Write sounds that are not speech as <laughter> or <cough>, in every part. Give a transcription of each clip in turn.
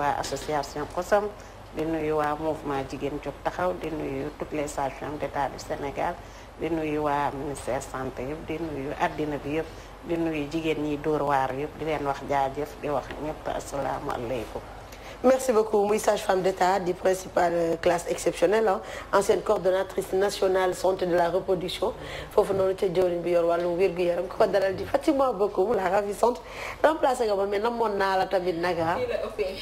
waa association COSAM di nuyu waa mouvement jigéen jóg taxaw di nuyu toutes les sages-femmes d'État du Sénégal di nuyu waa ministère santé yëpp di nuyu àddina bi yëpp di nuyu jigéen ñi dóor waar yëpp di leen wax jaajëf di wax ñëpp asalaamu aleykum merci beaucoup muy sage-femme d'État di principale euh, classe exceptionnelle ah hein. ancienne coordonnatrice nationale santé de la reproduction foofu noonu ca jëwriñ bi yor wàllu wér yaram ko dalal di Fatima Bokoum la ravissante remplacé nga ma mais namoon naa la tamit naga ah.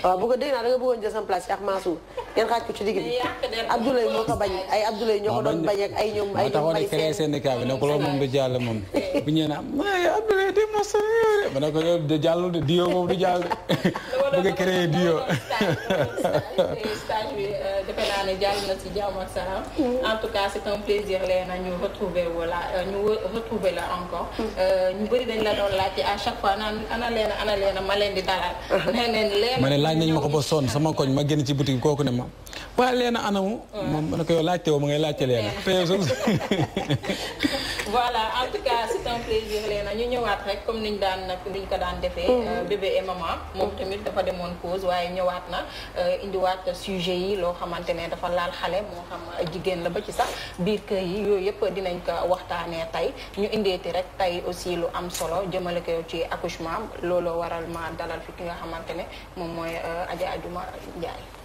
waaw bu ko dégg naa da nga bëggoon jël sama place Cheikh Mansour ngeen xaaj ko ci digg bi Abdoulaye moo bañ ay Abdoulaye ñoo ko doon bañ ak ay ñoom ay ñoom ay créé syndicat bi ne ko loolu moom du jàll moom <laughs> bu ñëwee naa ay Abdoulaye di mos ma ne ko loolu du de dio moom du jàll <laughs> bëgg créé dio stage stage bi defe jàll na ci jàmm ak salaam. en tout cas c' est un plaisir Léna ñu retrouver voilà euh, ñu retrouver la encore. Mmh. Euh, ñu bëri dañ la doon laajte à chaque fois naan ana Léna ana Léna ma leen di dalal. nee nañ Léna ma ne laaj nañ ma ko ba sonn sama koñ ma génn ci boutique kooku ne ma waa Léna anamu. moom ma ne ko yow laajte woo ma ngay laajte Léna. Mmh. <laughs> voilà en tout cas c' est un plaisir Léna ñu ñëwaat rek comme niñ daan niñ ko daan defee. Mmh. Euh, bébé et maman moom tamit dafa demoon cause waaye ñëwaat. ñëwaat na euh, indiwaat sujet yi loo xamante ne dafa laal xale moo xam jigéen la ba ci sax biir kër yi yooyu yëpp dinañ ko waxtaanee tey ñu indeeti rek tey aussi lu am solo jëmale ko ci accouchement looloo waral ma dalal fi ki nga xamante ne moom mooy euh, Adja Adjuma Ndiaye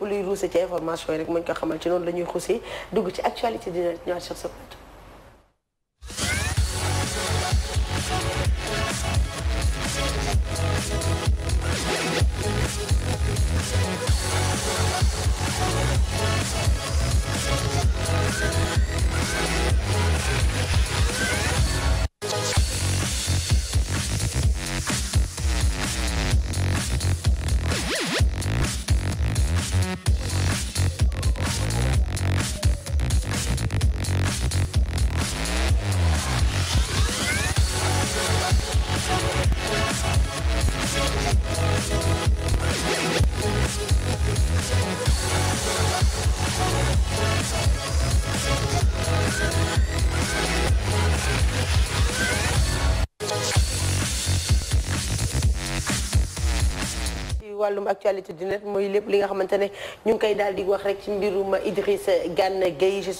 lépp luy ruuse ci information yi rek mañ ko xamal ci noonu la ñuy xuusi dugg ci actualité dina ñëwaat sur ce plateau wàllum actualité du net mooy lépp li nga xamante ne ñu ngi koy daal di wax rek ci mbirum Idrissa Gana Gueye je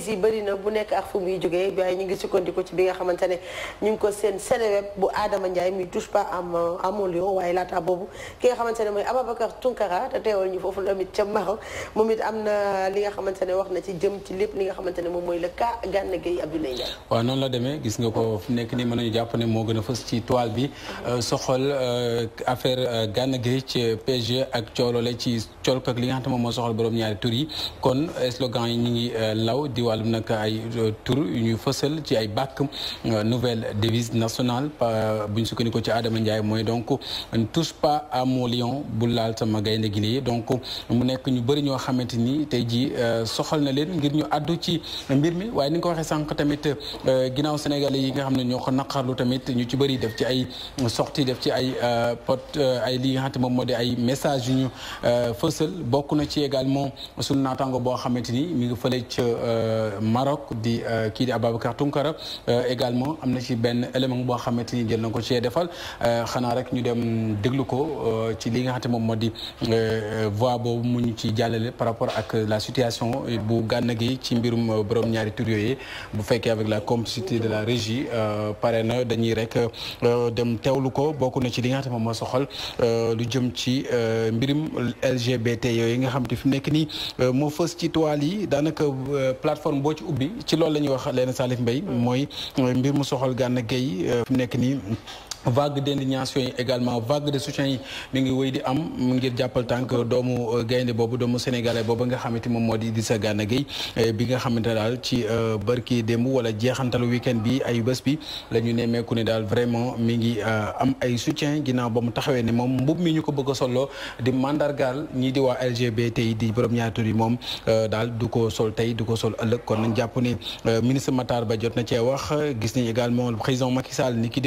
suis na bu nekk ak fu muy jógee waaye ñu ngi sukkandiku ci bi nga xamante ne ñu ngi ko seen Seneweb bu Adama Ndiaye muy touche pas waaye laata boobu ki nga xamante ne mooy Ababacar Tunkara te teewal ñu foofu tamit ca Maroc moom it am na li nga xamante ne wax na ci jëm ci lépp li nga xamante ne moom mooy le cas Gana Gueye Abdoulaye Ndiaye waaw noonu la demee gis nga ko nekk ni mën nañu jàpp ne moo gën a fës ci toile bi mm-hmm. euh, soxol Euh, affaire euh, gan Gueye ci PSG ak coolole ci cool ak li nga xam ne soxal borom ñaari tour yi kon slogan yi ñu ngi euh, law di walum nak ay tour ñu ñuy ci ay bàkk nouvelle devise nationale buñ ñu ko ci Adama Ndiaye moy donc ne touche pas à mon lion bu laal sama gaynde gi donc mu nek ñu bari ño xamante tay ji soxal na leen ngir ñu addu ci mbir mi waaye ni ko waxe sank tamit ginaaw Sénégalais yi nga xam ne ñoo ko tamit ñu ci bari def ci ay sorti def ci ay ay euh, pot euh, ay li nga xam moom moo di ay message yu ñu euh, fësal bokk na ci également suñu naataango boo xamante ni mi ngi fële ca Maroc di kii di Ababacar Tunkara également am na ci benn élément boo xamante ni jël na ko cee defal xanaa rek ñu dem déglu ko ci li nga xam moom moo di voix boobu mu ñu ci jàllale par rapport ak la situation bu gànn gi ci mbirum borom ñaari tur yooyu bu fekkee avec la complicité de la régie pare na dañuy rek dem teewlu ko bokk na ci li nga xam moom moo soxal euh, lu jëm ci euh, mbirim LGBT yooyu nga xam te fi mu nekk nii euh, moo fës ci toile yi daanaka plateforme boo ci ubbi ci loolu la ñuy wax leen Salif Mbaye mm. mooy mbir mu soxal Gana Gueye fu mu nekk nii vague d'indignation également vague de soutien Je mi ngi di am ngir jappal tank doomu euh, gaynde bobu doomu sénégalais bobu nga mom modi di sa euh, bi nga ci euh, barki wala week bi vraiment mi am ay soutien ginaaw bamu taxawé ni mom mbub mi bëgg di LGBT di borom ñaari sol Tay, du sol kon ministre Matar Ba jot na ci wax gis ni également président Macky ni ki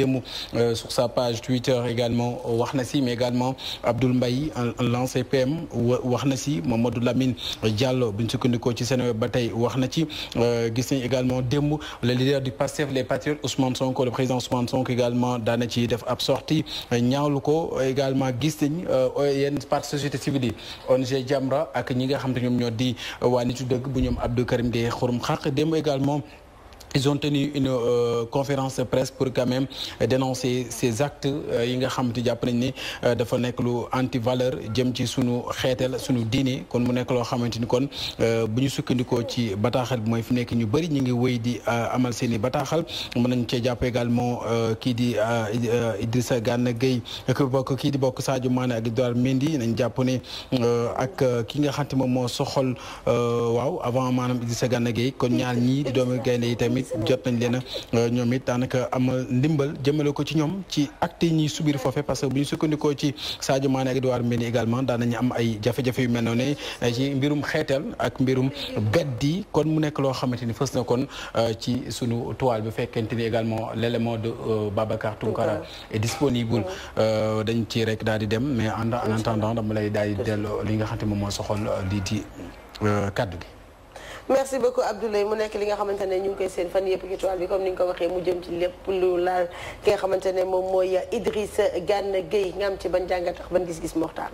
sa page Twitter également wax mais également Abdoul Mbaye l'ancien PM wax si Mamadou Lamine Diallo bu ñu sukkandikoo ci Seneweb ba bataille ci euh, également démb le leader du passé les patriotes Ousmane Sonko le président Ousmane Sonko également Danati, def ab sortie ñaawlu ko également gis euh, OEN, par société civile ONG Jamra ak ñi nga xam te ñoom nitu de Abdou Karim de xurum xaq également ils ont tenu une euh, conférence de presse pour quand même euh, dénoncer ces actes euh, yi nga xam te jàpp nañ ne euh, dafa nek lu anti-valeur jëm ci sunu xétel sunu diine kon mu nek lo xamanteni kon euh, buñu sukkandiko ci bataxal moy fi nek ñu bari ñi ngi wéy di amal seeni bataxal bataaxal mën nañ cee jàpp également ki di Idrissa Gana Gueye ak bokk ki di bokk Sadio Mané ak Edouard Mendy nañ japp ne ak ki nga xam mo soxol waaw avant manam Idrissa Gana Gueye kon ñaar ñi di doomu gaynde yi tamit it jot nañ leen euh, ñoom it daanaka amal ndimbal jëmale ko ci ñoom ci acte yi ñuy subir foofe parce que bu ñu sukkandikoo ci Sadio Mané ak Edouard Mendy également daan nañu am ay jafe-jafe yu mel noonu ci mbirum xeetal ak mbirum beddi kon mu nekk loo xamante ni fës na kon euh, ci sunu toile bu fekkente ni également l'élément de euh, Babacar Tounkara est disponible dañ ci rek daal di dem mais en attendant dama lay daal di delloo li nga xamante moom moo soxal lii di kaddu gi. merci beaucoup Abdoulaye mu nekk li nga xamante ne ñu ngi koy seen fan yëpp ci toile bi comme ni nga ko waxee mu jëm ci lépp lu laal ki nga xamante ne moom mooy Idrissa Gana Gueye nga am ci ban jàngat tax ban gis-gis moxtaar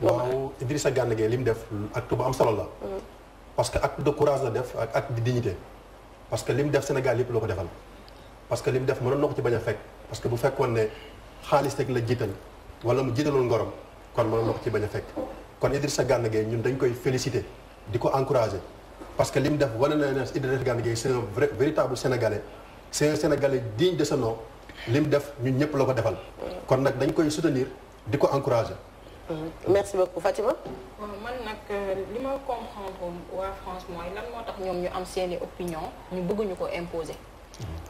waaw Idrissa Gana Gueye li mu def acte bu am solo la mm-hmm. parce que ak de courage la def ak acte de parce que li mu def Sénégal yëpp loo ko defal parce que li mu def mënoon na ko ci bañ a fekk parce que bu fekkoon ne xaalis rek la jiital wala mu jiitaloon ngorom kon mënoon na ko ci bañ a fekk kon Idrissa Gana Gueye ñun dañ koy féliciter di ko encourager parce que li mu def wane na ne c'est un véritable sénégalais c'est un sénégalais digne de ce nom li mu def ñun ñëpp la ko defal. kon nag dañ koy soutenir di ko encourager. Mm-hmm. merci beaucoup Fatima. waaw man nag euh, li ma comprendre waa France mooy lan moo tax ñoom ñu am seeni opinion ñu bëgg ñu ko imposer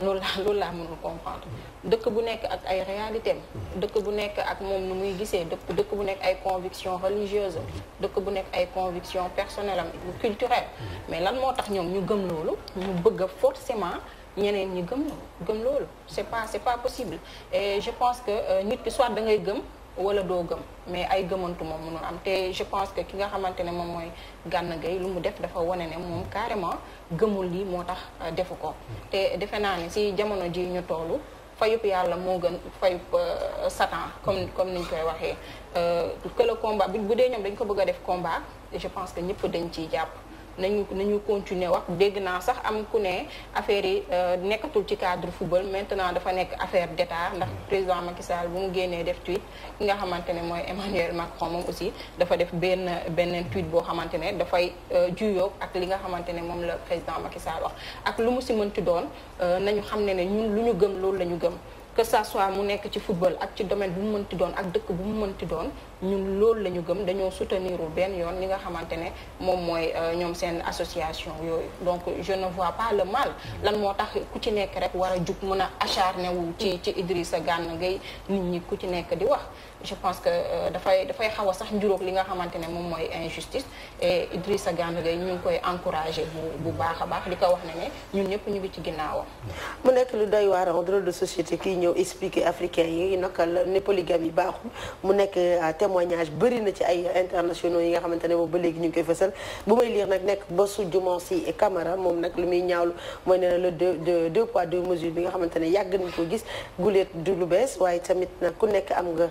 loolu laa loolu laa mënul comprendre dëkk bu nekk ak ay réalité am dëkk bu nekk ak moom nu muy gisee dëkk dëkk bu nekk ay conviction religieuse dëkk bu nekk ay convictions personnelles, am culturelle mais lan moo tax ñoom ñu gëm loolu ñu bëgg a forcément ñeneen ñi gëm gëm loolu c'est pas c'est pas possible et je pense que euh, nit ki soit da ngay gëm wala doo gëm mais ay gëmantu moom mënul am te je pense que ki nga xamante ne moom mooy gànn gay lu mu def dafa wane ne moom carrément gëmul lii moo tax euh, defu ko te defe naa ne si jamono ji ñu toolu fayub yàlla moo gën fayub euh, satan comme comme niñ koy waxee euh, que le combat bu dee ñoom dañ ko bëgg a def combat je pense que ñëpp dañ ciy jàpp nañu nañu continuer wax dégg naa sax am ku ne affaire yi euh, nekkatul ci cadre football maintenant dafa nekk affaire d'état ndax mm. président Macky Sall bu mu génnee def tweet ki nga xamante ne mooy Emmanuel Macron moom aussi dafa def benn benn tweet boo xamante ne dafay euh, juyoog ak li nga xamante ne moom la président Macky Sall wax ak lu mu si mënti doon euh, nañu xam ne ne ñun lu ñu gëm loolu la ñu gëm que sa soit mu nekk ci football ak ci domaine bu mu mënti doon ak dëkk bu mu mënti doon ñun loolu la ñu gëm dañoo soutenirul benn yoon li nga xamante ne moom mooy euh, ñoom seen association yooyu donc je ne vois par le mal lan moo tax ku ci nekk rek war a jug mën a acharné wu ci ci sa Gana Gueye nit ñi ku ci nekk di wax je pense que euh, dafay dafay xaw a sax njuróog li nga xamante ne moom injustice et Idrissa Gana Gueye ñu ngi koy encouragé bu bu baax a baax di wax na ne ñun ñëpp ñu ngi ci ginnaawam. mu nekk lu doy waar en de société kii ñeu expliquer africain yi nakal la ne polygame yi baaxul mu nekk euh, témoignage bari na ci ay internationaux yi nga xamantene ne ba léegi ñu koy fësal bu may lire nak nekk Bassou Diomaye et Camara mom nak lu muy ñaawlu moy ne le deux deux poids deux mesures bi nga xamantene yag yàgg nañ ko gis guleet du lu bees waaye tamit nak ku nekk am nga.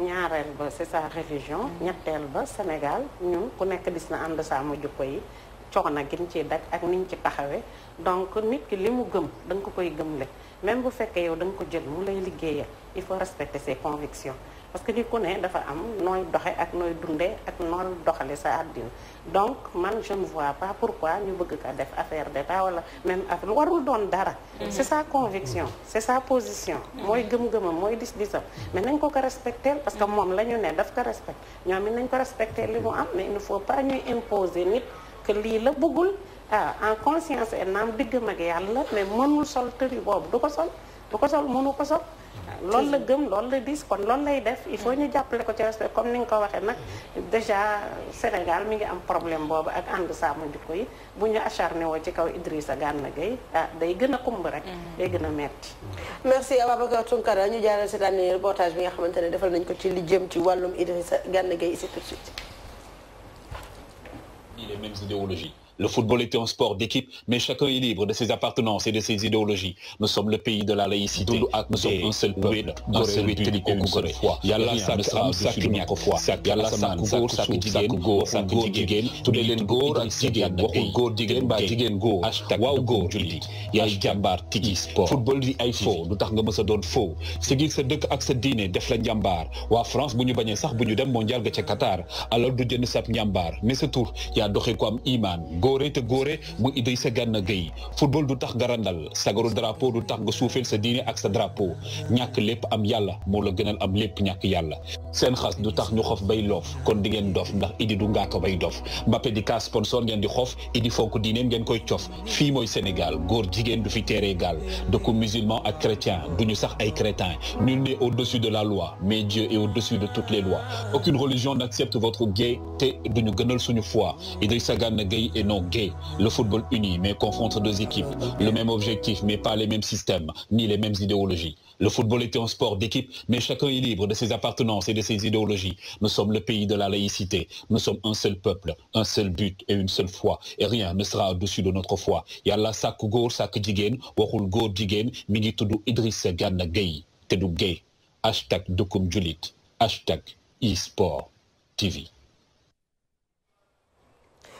ñaareel ba c'est sa révision mm. ñetteel ba Sénégal ñun ku nekk gis na ànd saamu jukko yi coono giñ ci daj ak niñ ci taxawee donc nit ki li mu gëm da nga ko koy gëmle même bu fekkee yow da nga ko jël mu lay liggéeyal il faut respecter ses convictions parce que nit ku ne dafa am nooy doxe ak nooy dunde ak nooy doxale sa àddina donc man je ne vois pas pourquoi ñu bëgg ka def affaire d'état wala même ak lu warul doon dara mhm. c'est sa conviction c'est sa position mhm. mooy gëm-gëmam mooy dis-disam mais nañ ko ko respecter parce que moom la ñu ne daf ko respecte ñoom it nañ ko respecter li mu am mais il ne faut pas ñuy imposer nit que lii la bëggul ah en conscience et naam diggam ak yàlla mais mënul sol tëri boobu du ko sol du ko sol mënu ko sol loolu la gëm loolu la dis kon loolu lay def il faut ñu jàppale ko ci respect comme ni nga ko waxee nag déjà Sénégal mi ngi am problème boobu ak ànd saamu jikko yi bu ñu acharné woo ci kaw Idrissa Gana Gueye ah day gën a kumb rek mm-hmm. day gën a metti merci Ababacar Tounkara ñu jaaral si daanne reportage bi nga xamante ne defal nañ ko ci li jëm ci wàllum Idrissa sa Gueye ici tout de suite Le football était un sport d'équipe, mais chacun est libre de ses appartenances et de ses idéologies. Nous sommes le pays de la laïcité. Nous sommes un seul peuple, un football faux. la France mondial Qatar alors mais ce tour il Goré te Goré, bu Idrissa Gana gay. football du tax garandal sagaru drapeau du tax nga soufel sa diine ak sa drapeau ñak lepp am yalla mo la gënal am lepp ñak yalla sen xas du tax ñu xof bay loof kon di ngeen dof ndax idi du ko bay dof Mbappé di cas sponsor ngeen di xof idi fonk diineem koy fi moy Sénégal góor jigen du fi teeree de ko musulman ak chrétien duñu et sax ay crétin nul n'est au-dessus de la loi mais Dieu est au-dessus de toutes les lois aucune religion n'accepte votre gaieté té ñu gënal suñu foi Idrissa Gana et gay, le football uni mais confronte deux équipes, le même objectif mais pas les mêmes systèmes, ni les mêmes idéologies. Le football était un sport d'équipe, mais chacun est libre de ses appartenances et de ses idéologies. Nous sommes le pays de la laïcité. Nous sommes un seul peuple, un seul but et une seule foi. Et rien ne sera au-dessus de notre foi. Yalla gay. Hashtag TV.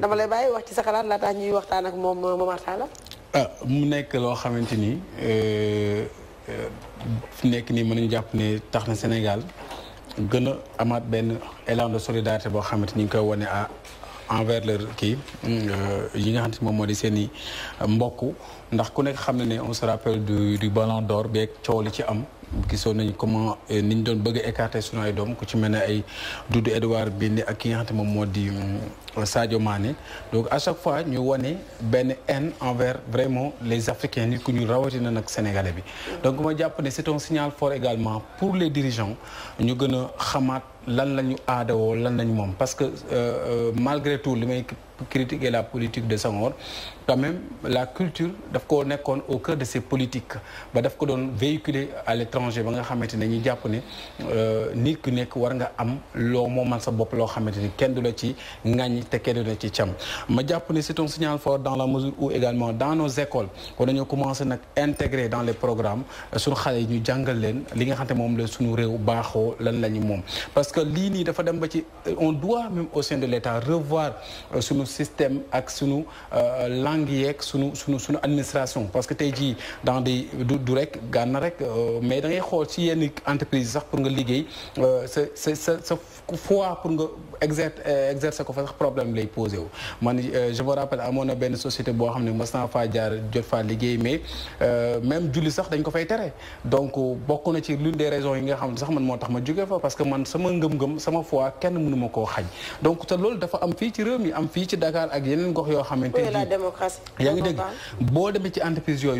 dama lay bàyyi wax ci sa xalaat laataa ñuy waxtaan ak moom euh, Momar Talla. ah mu nekk loo xamante ni fi euh, euh, nekk nii mën nañu jàpp ne tax na Sénégal gën a amaat benn élan solidarité boo xamante ni ñu koy wane à envers leur kii yi nga xam ne moom moo di seen i mbokk ndax ku nekk xam na ne on se rappelle du du ballon d'or beeg coow li ci am. sont nés comment eh, niñ doon bëgg a écarter sunu ay doom ku ci melni ay Edouard Bindé ak ki nga mm, Sadio Mané donc à chaque fois ñu wane ben haine envers vraiment les Africains nit ku ñu na nak Sénégalais bi. donc ma japp que c'est un signal fort également pour les dirigeants ñu gëna a xamaat lan lañu l'année lan parce que euh, euh, malgré tout limay critiquer la politique de Sangor. quand même la culture daf ko au cœur de ses politiques ba daf ko doon à l'étranger ba nga xamante ne ñu jàpp ne euh, nit ku nekk war nga am loo moomal sa bopp loo xamante ni kenn ci ma c'est un signal fort dans la mesure où également dans nos écoles on a commencé à intégrer dans les programmes euh, sur les yi ñu jàngal leen li nga xam ne moom la suñu réew baaxoo lan parce que l'INI, nii dafa euh, on doit même au sein de l'État revoir suñu système ak sunu euh, langue yeeg sunu sunu sunu administration parce que tey dit dans des du du rek euh, mais da ngay xool ci entreprise sax pour nga liguer euh, c'est ce sa fois pour nga exercer ko fa sax problème lay poser wu. man je me rappelle à mon une société bohème xam ne mas naa faa jaar jot faire liguer mais même du sax d'un ko fay donc beaucoup nest ci l'une des raisons yi nga xam ne sax man moo parce que man sama ngëm-ngëm sama foi kenn mënu ma koo donc tout à dafa am fii ci réew mi am Dakar ak yeneen gox yoo xamante ni yaa ngi dégg boo demee ci entreprise a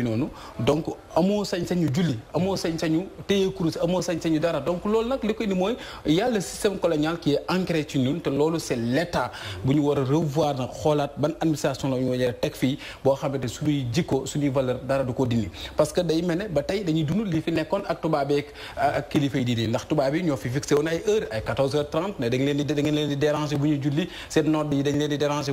a teg fii boo xamante suñuy jikko suñuy valeur dara du ko dindi parce que day mel ne ba tey dañuy dund li fi nekkoon ak tubaab yi ak kilifa yi diine ndax tubaab yi ñoo fi fixé woon ay heure ay 14h30 ne leen di da leen di déranger bu ñuy julli seen nodd yi dañ leen di déranger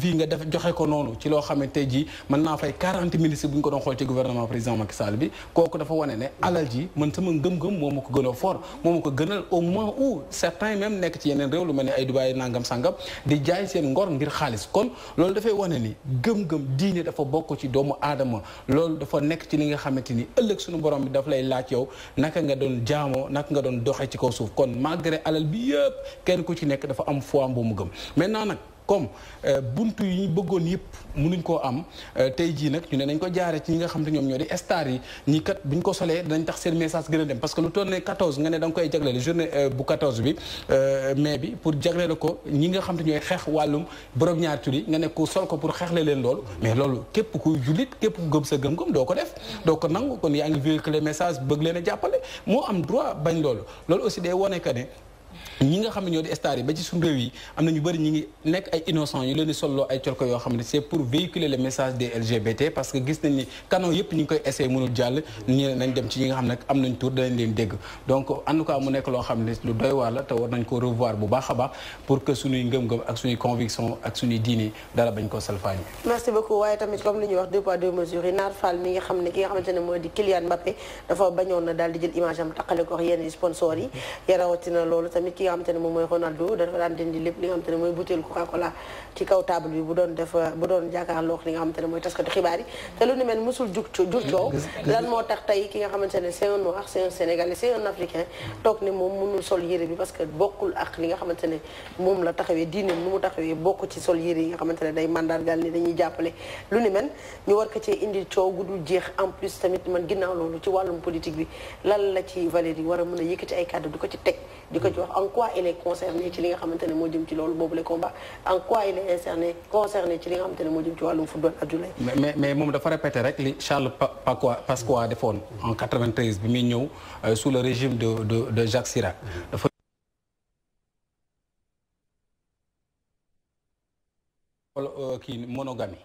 vie nga def joxe ko noonu ci loo xamante ji mën naa fay 40 ministres bu ñu ko doon xool ci gouvernement président Macky Sall bi kooku dafa wane ne alal ji man sama ngëm-ngëm moo ma ko gën a fort moo ma ko gënal au moment où certains nekk ci yeneen réew lu mel ne ay Dubaay sangam di jaay seen ngor xaalis kon loolu dafay wane ni gëm-gëm diine dafa bokk ci doomu aadama loolu dafa nekk ci li nga xamante ni ëllëg suñu borom bi daf lay laaj yow naka nga doon jaamoo naka nga doon doxee ci ko suuf kon malgré alal bi yëpp kenn ku ci nekk dafa am foi bu mu gëm naa nag comme euh, buntu yi ñu bëggoon mënuñ koo am euh, tey jii nag ñu ne nañ ko jaare ci ñi nga xam ne ñoom ñoo di star yi ñi kat buñ ko solee dañ tax seen message gën a dem parce que lu toll ne 14 nga ne da nga koy jagleel journée euh, bu 14 bi mai bi pour jagleel ko ñi nga xam te ñooy xeex wàllum borom ñaar turi nga ne ko sol ko pour xeexle leen loolu mais loolu képp kuy julit képp ku gëm sa gëm-gëm doo ko def doo ko nangu kon yaa ngi véhiculer message bëgg leen a jàppale moo am droit bañ loolu loolu aussi day wone que ne ñi nga xamni ñoo di star yi ba ci sun rew yi amna ñu bari ñi ngi nek ay innocent ñu leen di solloo ay colko yo xamni c'est pour véhiculer le message des LGBT parce que gis nañ ni canon yépp ñi ngi koy essayer mënul jall ñu nañ dem ci ñi nga xam ne am tour tur leen dégg donc en tout cas mu nek lo xamni lu doy waar la te war nañ ko revoir bu baaxa baax pour que suñuy ngëm-ngëm ak suñuy conviction ak suñuy diine dara bañ ko salfaañi merci beaucoup waye tamit comme li ñu wax deux poids deux mesures yi Naar Fall mi nga xamni ne ki nga xamantene moy di Kylian Mbappé dafa bañoon na dal di jël image am taqale ko yenn sponsor yi mm-hmm. yarawatina loolu tamit nga xamante moom mënul sol yére bi parce que bokkul ak li nga xamante moom la taxawee diineem mu taxawee bokk ci sol yére yi nga xamante day mandargal ni dañuy jàppale lu ni mel ñu war indi coow gudul jeex en plus tamit man ginnaaw loolu ci wàllum politique bi lan la ci Valérie war a mën a yëkkati ay kàddu di ko ci teg di ko ci wax quoi il est concerné ci li nga xamantene mo jëm ci lolu bobu le combat en quoi il est concerné, concerné ci li nga xamantene mo jëm ci football adjulay mais mais moom dafa répéter rek li Charles Pasqua defoon en 93 bi euh, sous le régime de de de Jacques Chirac qui euh, monogamie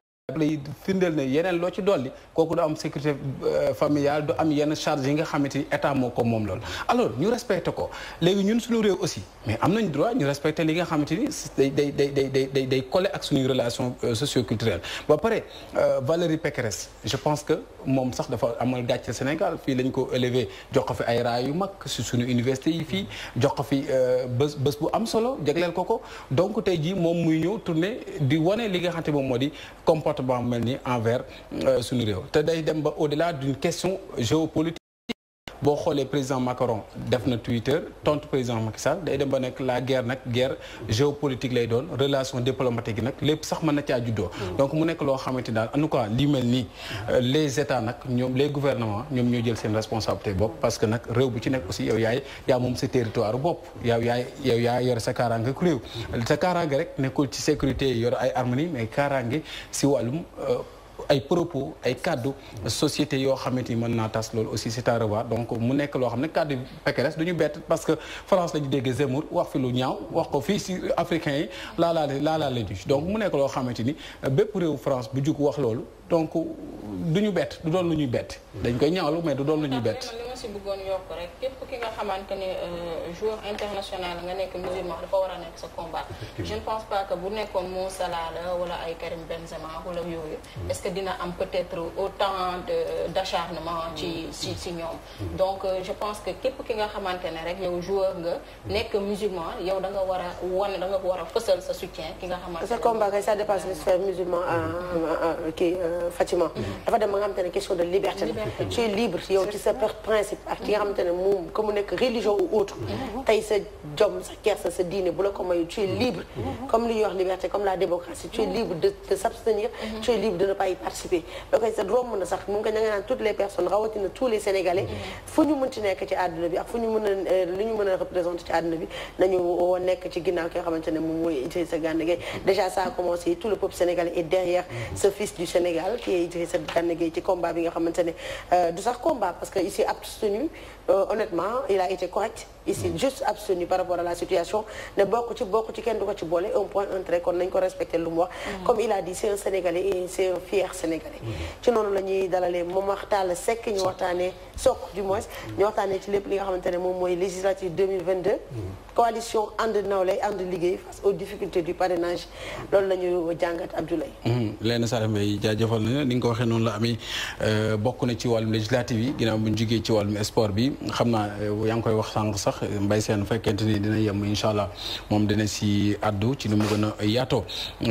lay firndeel ne yeneen loo ci dolli kooku du am sécurité euh, familiale du am yenn charge yi nga xamante état moo ko moom alors ñu respecté ko léegi ñun suñu réew aussi mais am droit ñu respecté li nga xamante ni day day day day day day ak relation euh, socioculturelle ba pare euh, Valérie Pécresse je pense que moom sax dafa amal gàcce Sénégal fii lañ ko élevé jox ko fi ay raay yu mag si suñu université yi fii jox ko fi bés bés bu am solo jagleel ko ko donc tu es dit muy ñëw tourné di one li nga xamante moom moo di comportement comportement envers euh, suñu au-delà d'une question géopolitique boo xoolee président Macron def na Twitter tant président présents Sall day dem ba nekk la guerre nag guerre géopolitique lay donne relations diplomatiques yi nag lépp sax mën na caa juddoo. Hmm. donc mu nekk loo xamante daal en tout li euh, les états nag ñoom les gouvernements ñoom ñoo jël seen responsabilité bopp parce que nak réew bu ci nekk aussi yow yaay yaa moom sa territoire bopp yow yaay yow yaa yore sa kaaraange ku réew sa kaaraange rek nekkul ci sécurité yor ay armes mais kaaraange si wàllum. Euh, ay propos ay cadeaux société yo xamante ni mën tas aussi c'est à revoir donc mu nek lo xam ne kaddu Pékérès du ñu bête parce que France lañu ñu dégg Zemmour wax fi lu ñaaw wax ko fi ci africain la la la la donc mu nek lo xamante ni rew France bu juk wax loolu donc duñu ñu du doon luñuy ñuy dañ koy ñaawlu mais du doon luñuy ñuy bett. li ma si bëggoon yokk rek képp ki nga xamante ne euh, joueur international nga nekk musulman dafa war a nekk sa combat. je ne pense pas que bu nekkoon Mo Salah wala ay Karim Benzema wala yooyu. Hmm. est-ce que dina am peut-être autant de d'acharnement ci hmm. ci ci ñoom. Hmm. donc euh, je pense que képp ki nga xamante ne rek yow joueur nga nekk musulman yow da nga war a wane da nga war a fësal sa soutien ki nga xamante ne. sa combat kay ça dépasse le sphère musulman kii. Euh, euh, Fatima. Mhm. dafa dem ba nga xamante question de liberté tu es libre yow ci sa principe ak ci nga xamante ne moom que religion ou autre. Mhm. tey sa jom sa kersa sa diine bu la ko tu es libre. Mhm. comme li liberté comme la démocratie tu es libre de de s'abstenir. tu es libre de ne pas y participer. donc sa romb na sax mu ko toutes les personnes rawatina tous les sénégalais. fu ñu mën ci nekk ci àdduna bi ak fu ñu que euh, tu lu ñu mën a représenter ci àdduna bi tu woo nekk ci ginnaaw ki déjà ça a commencé tout le peuple sénégalais est derrière ce fils du Sénégal qui est Idrissa combat euh, combat parce qu'il s'est abstenu euh, honnêtement il a été correct il s'est juste abstenu par rapport à la situation ne bokk ci bokk ci kenn ko ci boole un point un trait kon nañ ko respecté le mois wax mm-hmm. comme il a dit c'est un sénégalais et c'est un fier sénégalais mm-hmm. ci noonu la ñuy dalalee moom waxtaal sekk ñu waxtaanee sokk du moins mm-hmm. ñu waxtaanee ci lépp li nga xamante ne moom législative 2022 coalition ànd Naolé, ànd liggéey face aux difficultés du parrainage loolu la ñu jàngat Abdoulaye Léna Sarr Mbaye jaajëfal na ni nga nous waxee noonu la amee euh, bokk na ci wàllum législative yi ginnaaw bu ñu jugee ci wàllum sport bi xam naa euh, yaa ngi koy wax sànq sax mbay seen fekkente ni dina yem incha allah moom dina si addu ci nu mu gën a yaatoo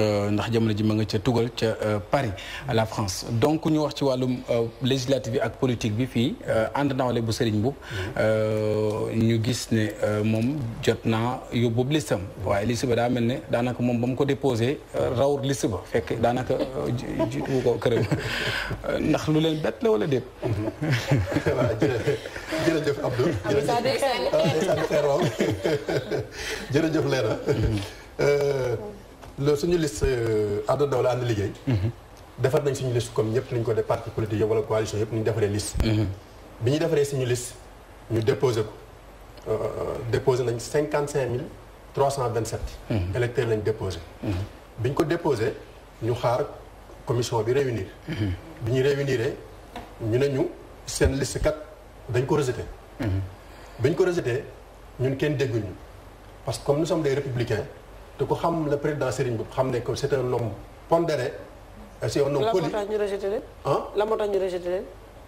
euh, ndax jamono ji ma nga ca tugal ca euh, Paris à la France donc ñu wax ci wàllum législative bi ak politique bi fii ànd nawle bu Serigne Mboup ñu gis ne moom jot naa yóbbu listam waaye liste daa mel ne daanaka moom ba ko déposé rawur liste ba fekk daanaka jiitu ko këram <laughs> ndax lu leen bett la wala déet <laughs> jërëjëf Abdou. Ah, jërëjëf ah, <laughs> jërëjëf Leena. Mhm. Euh, le suñu liste ànd euh, ndaw la ànd liggéey. Mhm. defar nañ suñu liste comme ñëpp nañ ko def parti politique wala coalition yëpp ñu defaree liste. Mhm. bi ñu defaree suñu liste ñu déposé ko euh, déposé nañ cinquante cinq électeurs lañ déposé. bi ñu ko déposé ñu xaar commission bi réunir. bi ñu réuniree ñu ne ñu seen liste kat dañ ko rejeté. bañ ko rejeté mhm. ñun kenn dégguñu parce que comme nous sommes des républicains te ko xam le président Serigne Mboup xam ne que c'est un homme pondéré. et c'est un homme poli la moo ñu rejeté leen. hein la moo ñu rejeté leen.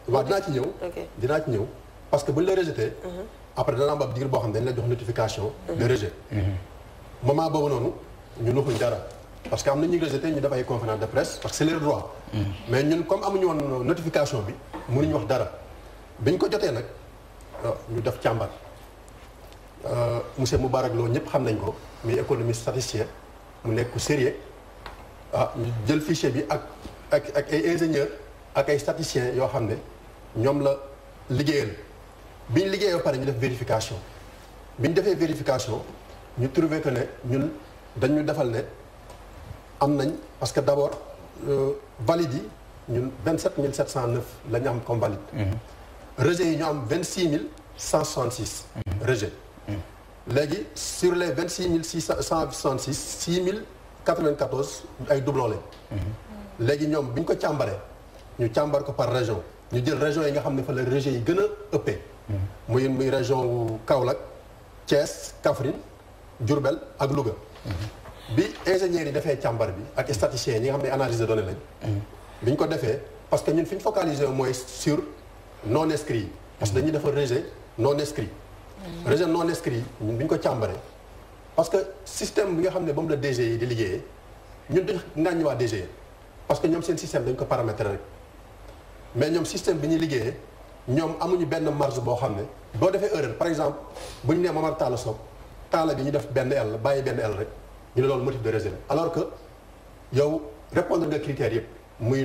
wa dina ci ñëw. dina ci ñëw parce que buñ la rejeté. Mhm. après dana am ab bo xam dañ la jox notification. Mhm. de rejet. moment boobu nonu ñu waxuñ dara. parce que am na ñuy rejeté ñu def ay conférence de presse parce que c'est leur droit. mais ñun comme amuñu won notification bi mënuñ wax dara biñ ko jotee nag ñu def càmbar euh, monsieur Moubarak Lo ñëpp xam nañ ko muy économiste statisticien mu nekk ku sérieux ah ñu jël fichier bi ak ak ak ay ingénieur ak ay statisticien yoo xam ne ñoom la liggéeyal biñ ñu liggéeyee pare ñu def vérification biñ ñu defee vérification ñu trouvé que ne ñun dañu defal ne am nañ parce que d' abord euh, valide yi ñun 27 709 la ñu am comme valide. Mm-hmm rejet 26 26.166 rejets. sur les 26666 6.094 double. ay doublon mmh. par région ñu jël région yi nga xamné fa la rejet yi gëna ëppé mmh. muy muy région Kaolack Thiès Kaffrine Diourbel ak Louga mmh. bi ingénieurs yi defee chambar bi ak statisticiens yi nga données lañ ko parce que ñun fiñ sur non inscrits parce que dañuy un rejet non inscrit rejet non inscrit ñun ko parce que système bi nga xamné bam la di parce que sommes un système dañ ko paramétrer rek mais le système bi ñi liggé ñom amuñu benn marge bo xamné erreur par exemple vous né nee fait de temps. bi ñu def benn L benn L rek motif de rejet alors que yow répondre nga critères yépp muy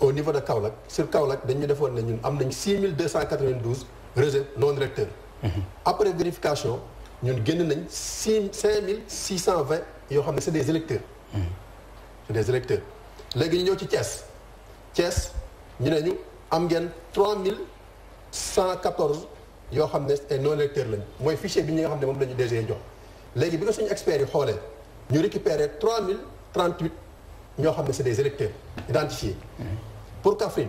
au niveau de Kaolack sur Kaolack nous avons 6292 réserves non recteurs. Mhm. après vérification nous avons 5620 c'est des électeurs. Mhm. c'est des électeurs nous avons 3114 non électeurs lañ fichier nous avons 3038 c'est des électeurs identifiés. Mhm pour Café,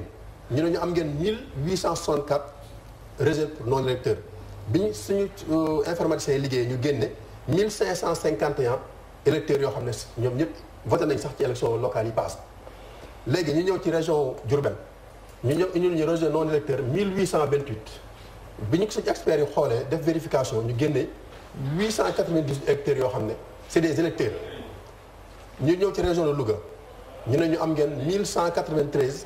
nous avons 1864 réserves non électeurs Nous avons suñu euh, informaticiens 1551 électeurs qui avons voté nañ sax élection locale yi région urbaine. Nous avons une région non électeurs 1828 Si nous avons des experts yi vérification Nous avons 890 électeurs C'est des électeurs Nous avons une région de Louga Nous avons 1193.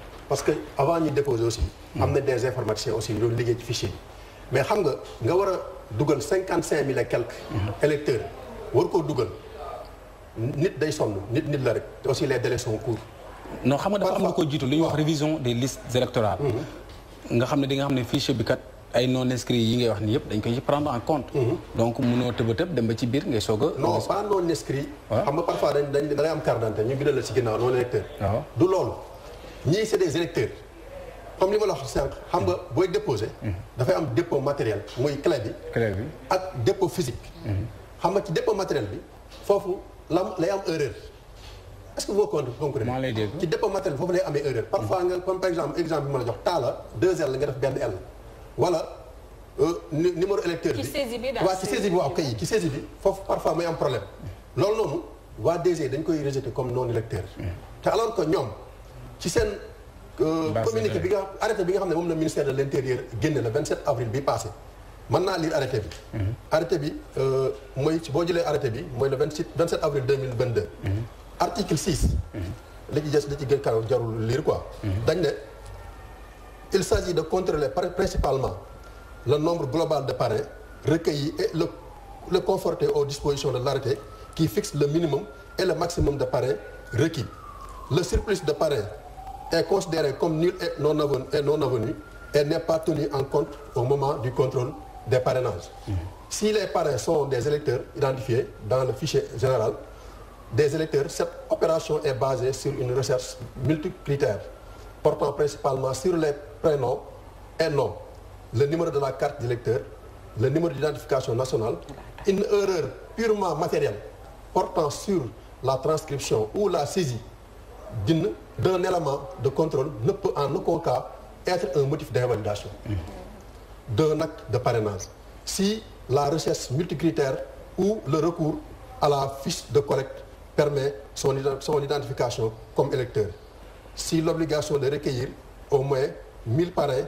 parce que avant ñuy déposer aussi. Hmm. am na des informaticiens aussi doon liggéey ci fichier mais xam nga nga war 55 000 et quelques. Hmm. électeurs war koo dugal nit day sonn nit nit la rek aussi les délais sont courts. non xam nga dafa am lu ko wax révision des listes électorales. Hmm. nga xam ne di nga xam ne fichier bi kat. ay non inscrits yi ngay wax ni yëpp dañ koy prendre en compte. donc mënoo tëb a tëb dem ba ci biir ngay non pas non inscrits. xam nga parfois dañ dañ da ngay am Nous d'identité ñu la ci non électeur. du loolu ni c'est des électeurs comme li ma la wax sànq xam nga booy déposé. am dépôt matériel mooy clé bi. clé bi ak dépôt physique. xam nga ci dépôt matériel bi foofu la lay am erreur. est-ce que vous comprenez maa lay dégg ci dépôt matériel foofu lay une erreur. parfois nga comme par exemple exemple bi ma la jox taala deux L nga def benn L wala euh, numéro électeur bi. saisit saisie bi daal waaw ci saisie bi waaw kay ci saisie bi foofu parfois am problème loolu noonu waa DG dañ koy rejeter comme non électeur mm. te alors que ñoom ci seen euh, communiqué bi nga arrêté bi nga ministère de l'Intérieur, le 27 avril bi passé maintenant na lire arrêté bi mhm. arrêté bi euh, moy ci bo arrêté bi le 27 avril 2022 mhm. article 6 mhm. la ci ci gën karaw lire quoi dañ il s'agit de contrôler principalement le nombre global de parents recueillis et le, le conforter aux dispositions de l'arrêté qui fixe le minimum et le maximum de parents requis. Le surplus de parents est considérée comme nul et non avenue et, non n'est pas tenue en compte au moment du contrôle des parrainages. Mm-hmm. Si les parrains sont des électeurs identifiés dans le fichier général des électeurs, cette opération est basée sur une recherche multicritère portant principalement sur les prénoms et noms, le numéro de la carte d'électeur, le numéro d'identification nationale, une erreur purement matérielle portant sur la transcription ou la saisie d'un élément de contrôle ne peut en aucun cas être un motif d'invalidation d'un acte de parrainage. Si la recherche multicritère ou le recours à la fiche de collecte permet son, identification comme électeur. Si l'obligation de recueillir au moins 1000 parrains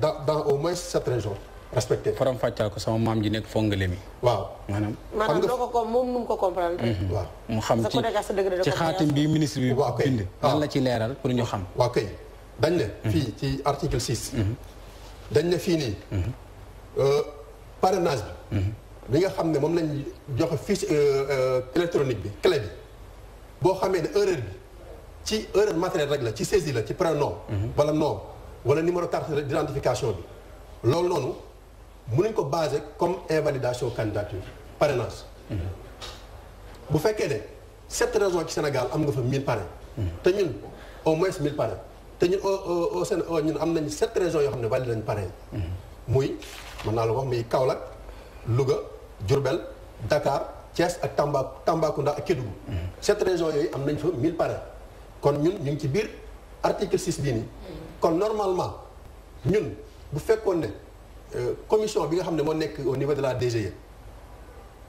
dans, au moins cette régions respecté faram fàccaa ko sama maam ji nekk fongale mi. waaw maanaam. maanaam doo ko ko moom nu mu ko comprendre. Mhm. waaw mu xam ci ci xaatim bi ministre bi. waaw kay la ci leeral pour ñu xam. waaw kay dañ ne. Mhm. fii ci article six. Mhm. dañ ne fii nii. Euh, parrainage bi. bi nga xam ne moom lañ joxe fiche euh, euh, électronique bi clé bi boo xamee ne erreur bi ci erreur matériel rek la ci saisie la ci prénom. wala nom wala numéro di d'identification bi loolu noonu. nous ko basé comme invalidation candidature parrainage mhm. bu Vous faites sept régions qui Sénégal am nga fa mille mhm. au moins mille paris. Nous ñun au au ñun am nañ sept régions valide mhm. Louga Dakar Thiès ak Tamba et ak Kédougou sept régions yooyu am mille kon ñun article normalement nous, bu connaître euh, commission bi nga xamné au niveau de la DGE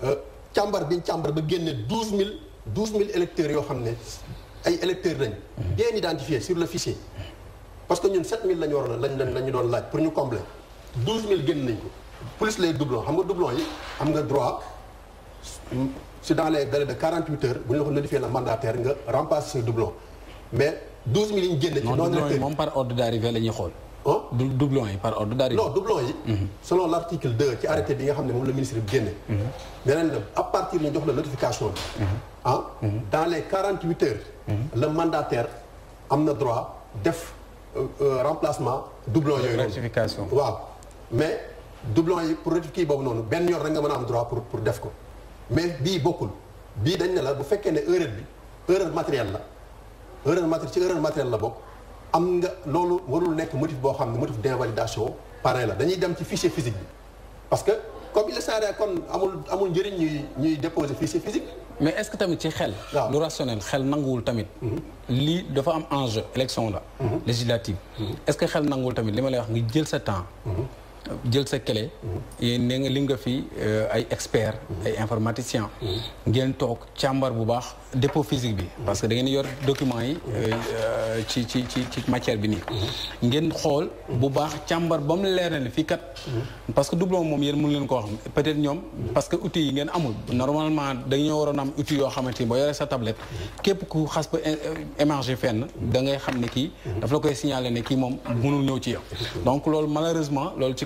euh chamber bi chamber ba 12 000 électeurs yo xamné ay électeurs bien identifiés sur le fichier parce que ñun 7 000 lañ waro lañ pour nous combler 12 000 plus les doublons xam nga doublons yi am nga droit c'est dans les de 48 heures nous ñu notifier la mandataire nga remplacer ce doublon mais 12 000 non ordre d'arrivée doublons par ordre d'arrivée non doublon mhm. selon l'article 2, 2 qui arrêté bi nga xam le ministre bi génne mhm. à partir de jox la notification mhm. Ah? dans les 48 heures le mandataire a le droit def euh, euh, remplacement doublons. Notification. notification. mais doublons pour rectifier boobu non, ben yoon rek nga mën a am droit pour pour def ko mais bi beaucoup, Bi dañ ne la bu fekkee ne erreur bi erreur matériel la erreur matériel ci am nga loolu motif boo motif d'invalidation pareil là. dañuy dem ci fichier physique parce que comme il est comme amul amul njëriñ ñuy ñuy déposer fichier physique. mais est-ce que tamit ci xel. le rationnel xel nanguwul tamit. Mhm. li dafa am enjeu élection mhm. législative. Mhm. est-ce que xel nanguwul tamit li ma lay wax nga jël sa temps jël sa clé. yéen ne nga li nga fi euh, ay experts. ay informaticiens. ngeen toog càmbar bu baax dépôt physique bi. parce que da ngeen yor document yi. Euh, ci ci ci ci matière bi nii. ngeen xool bu baax càmbar ba mu leer na ne kat. parce que doublon moom yéen mën leen koo xam peut-être ñoom. parce que outils yi ngeen amul. normalement dañoo waroon am outils yoo xamante ni boo yoree sa tablette. képp ku xas ba euh, émerger fenn. da ngay xam ne kii. daf la koy signaler ne kii moom mënul ñëw ci yow. donc loolu malheureusement loolu ci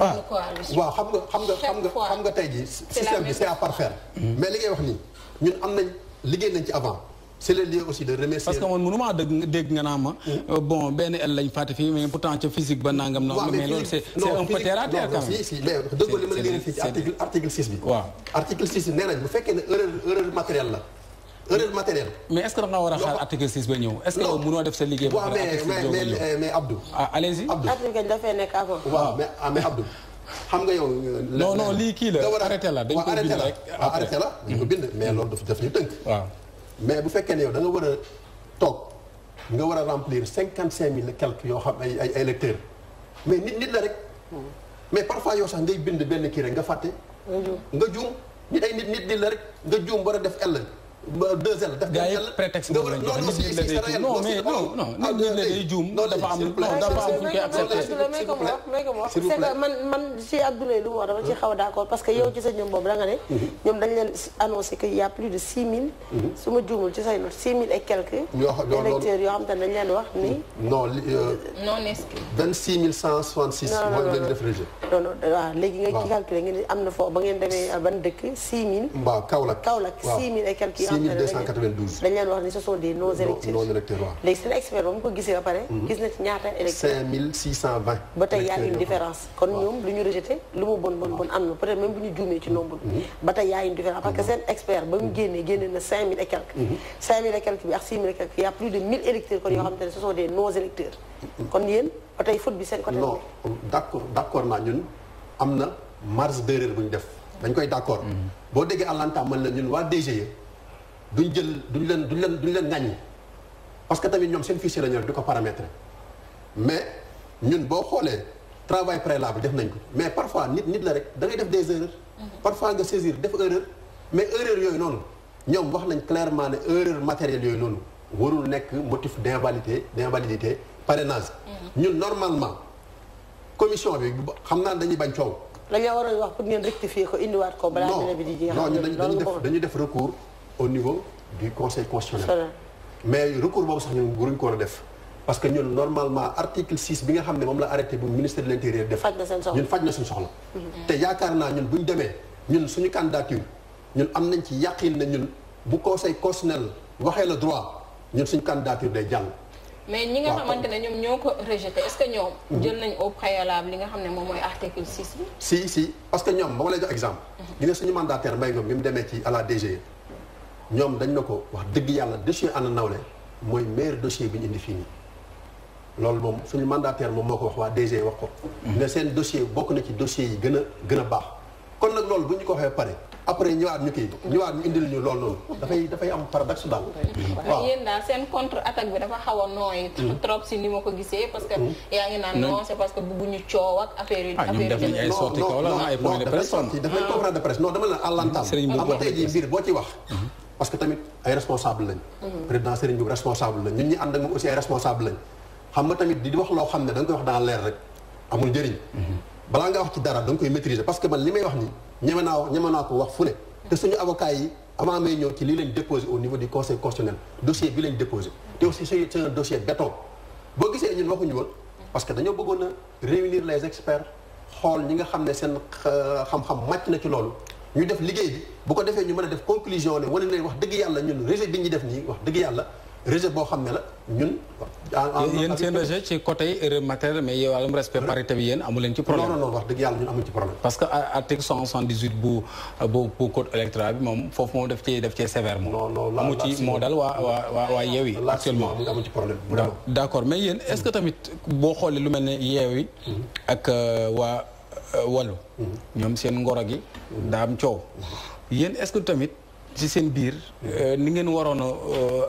ah waaw xam nga xam nga xam nga xam nga tey jii système bi c'est à parfaire mm-hmm. mais li ngay wax nii ñun am nañ liggéey nañ ci avant c'est le lieu aussi de parce que man mënuma dégg nga naa ma. Mm-hmm. Euh, bon benn el lañ fàtte fii mais pourtant ca physique ba nangam. waaw mais loolu c'est c'est un peu terre mais dëgg li ma la gën a fii ci article article bi. waaw article bi nee nañ bu fekkee ne erreur erreur la. mais est ce que danga war a xaar article 6 ba est ce que yow mënoo def sa liggéey. ba pare article 6 mais mais mais Abdou. ah allez-y Abdou Abdou dafay nekk avant. waaw mais ah mais Abdou. xam nga yow. non non lii kii la arrêté la dañ ko bind rek waaw arrêté la dañ ko bind mais loolu daf daf ñu tënk. waaw mais bu fekkee ne yow da nga war a toog nga war a remplir cinquante cinq mille quelque yoo xam ay ay électeurs mais nit nit la rek. mais parfois yow sax ngay bind benn kii rek nga fàtte. nga juum nit ay nit nit nit la deux zèle daf gaa yëpp prétexte boobu lañ joxe nit ñi la day non mais non non nit ñi la day juum dafa am non dafa am fu ñu koy accepté may ko mu wax may ko mu wax c'est que man man si Abdoulaye lu mu wax dama ci xaw a d'accord parce que yow ci sa ñoom boobu da nga ne ñoom dañ leen annoncé que y a plus de six mille su ma juumul ci say note six mille et quelques électeurs yoo xam te dañ leen wax ni non non inscrits vingt six mille cent soixante six mooy lañ def rejet non non waaw léegi nga ci calculé ngeen am na foofu ba ngeen demee ban dëkk six mille waaw Kaolack Kaolack six mille et quelques 6292. dañ leen wax ni ce sont électeurs Les experts waaw. léegi seen expert ba mu ko gisee ba pare. Mhm. gis na ci ñaata électeurs. 5620. ba tey y a une différence kon ñoom lu ñu rejeté lu mu bon bon bon am na peut être même bu ñu juumee ci nombre bi. Mhm. ba tey y a une différence parce que mhm. seen expert ba mu génnee génne na 5000 et quelques. 5000 et quelques bi ak 6000 et quelques y a plus de 1000 électeurs kon yoo xamante ne ce sont des non électeurs. kon yéen ba tey foot bi seen côté. non d'accord d'accord d' accord naa ñun am na marge d' erreur bu ñu def dañ koy d' accord. boo déggee àllantaa la ñun waa DGE duñ parce que nous sommes seen mais travail préalable mais parfois nous avons des erreurs. Mhm. parfois de saisir des erreurs. mais erreur nous avons clairement des erreurs matérielles. Nous n'avons warul motif d'invalidité, d'invalidité parrainage. Mhm. normalement commission la commission wax pour rectifier recours au niveau du conseil constitutionnel. mais le recours boobu sax ñun waruñu ko war def. parce que ñun normalement article 6 bi nga xam ne moom la arrêté le ministère de l'Intérieur. intérieur def. ñun faj na suñu soxla. Mhm. te yaakaar naa ñun bu ñu demee ñun suñu candidature ñun am ci yàqin na ñun bu conseil constitutionnel waxee le droit ñun suñu candidature day jàll. mais ñi nga xamante ne ñoom ñoo ko rejeté est ce que ñoom. Mhm. jël nañ au préalable li nga xam ne moom article 6 bi. si si parce que ñoom ba ma jox exemple. ñu mhm. ne suñu mandataire Mbaye Ngom bi mu demee ci à la DG. E. ñoom dañu na ko wax dëgg yàlla dossier Anna Nawlé mooy meilleur dossier bi ñu indi fii nii loolu moom suñu mandataire moom moo ko wax waa DG wax ko. ne seen dossier bokk na ci dossier yi gën a gën a baax. kon nag loolu bu ñu ko waxee pare après ñëwaat ñu kii ñëwaat ñu indil ñu loolu noonu dafay dafay am paradoxe daal. waaw yéen daal seen contre attaque bi dafa xaw a nooy. Mm. trop si ni ma ko gisee parce que. Mm. yaa ngi naan mm. non c'est parce que bëgguñu coow ak affaire boo ci wax. Mm-hmm. parce que tamit ay responsable lañ. Mhm. président Serigne Boubou responsable lañ ñun ñi ànd ak moom aussi ay responsable lañ xam nga tamit di wax loo xam ne da nga koy wax dans leer rek amul njëriñ. Mhm. balaa nga wax ci dara da nga koy maîtriser parce que man li may wax nii ñeme naa ñeme naa ko wax fu ne. te suñu avocat yi avant may ñëw ci lii lañ déposé au niveau du conseil constitutionnel dossier bi lañ déposé. te aussi c'est un dossier béton boo gisee ñun waxuñu woon. parce que dañoo bëggoon a réunir les experts xool ñi nga xam ne seen euh, xam-xam màcc na ci loolu. ñu def liggéey bi bu ko defee ñu mën a def conclusion ne wane ne wax dëgg yàlla ñun rejet bi ñu def nii wax dëgg yàlla rejet boo xam ne la ñun. yéen seen rejet ci côté erreur mais yow wàllum respect parité bi yéen amu ci problème. non non non wax dëgg yàlla ñun amuñ ci problème. parce que article 178 bu bu bu code électoral bi moom foofu moom daf cee daf cee sévère moom. non non amu ci moo dal waa waa waa waa Yewwi actuellement amu ci problème d' accord mais yéen est ce que tamit boo xoolee lu mel ne Yewwi mhm. ak euh, waa. Euh, walu ñom seen ngoro gi da am ciow yeen est-ce que tamit ci seen bir euh, ni ngeen warono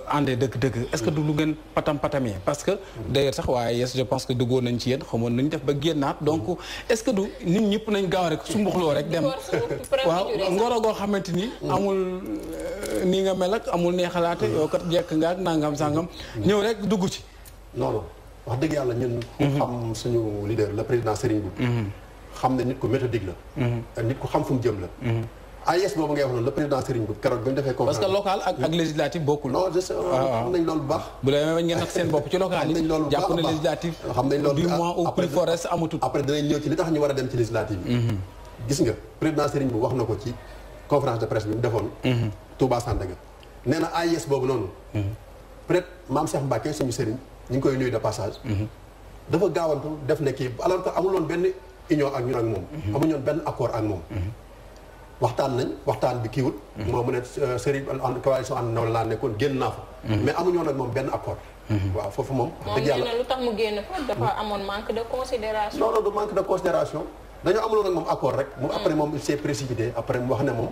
a euh, deug deug est-ce que du lu ngeen patam patami parce que d'ailleurs sax waye yes je pense que dëggoon nañ ci yeen xamone nañ def ba gennat donc est-ce que du nit ñepp nañ gaaw rek su mbuxlo rek dem waaw ngoro go xamanteni amul ni nga mel ak amul neexalaté yo kat jek nga ak nangam sangam ñew rek dugg ci non non wax deug yalla ñun mhm. xam suñu leader le président Serigne bou mhm. xam ne nit ku méthodique la mm-hmm. nit ku xam fu jëm la mm-hmm. AIS boobu ngay wax noonu le président Serigne mm-hmm. ah, ah. bu baax bu ñu war a de presse bi mu defoon Touba Sandaga nee na AIS boobu noonu peut maam Cheikh Mbacke suñu Serigne ñu ngi koy nuyu de passage dafa gaawantu def ne kii alors amuloon benn union ak ñun ak moom. amuñu benn accord ak moom. waxtaan nañ waxtaan bi kiiwut. moo mu ne euh, Serigne en coalition ànd na laa nekkoon génn naa fa. mais amuñoo nag moom benn accord. waaw foofu moom. dëgg yàlla moom nee na lu tax mu génn fa dafa amoon manque de considération. non non manque de considération dañoo amuloon nag moom accord rek. mu après moom il s'est précipité après mu wax ne moom.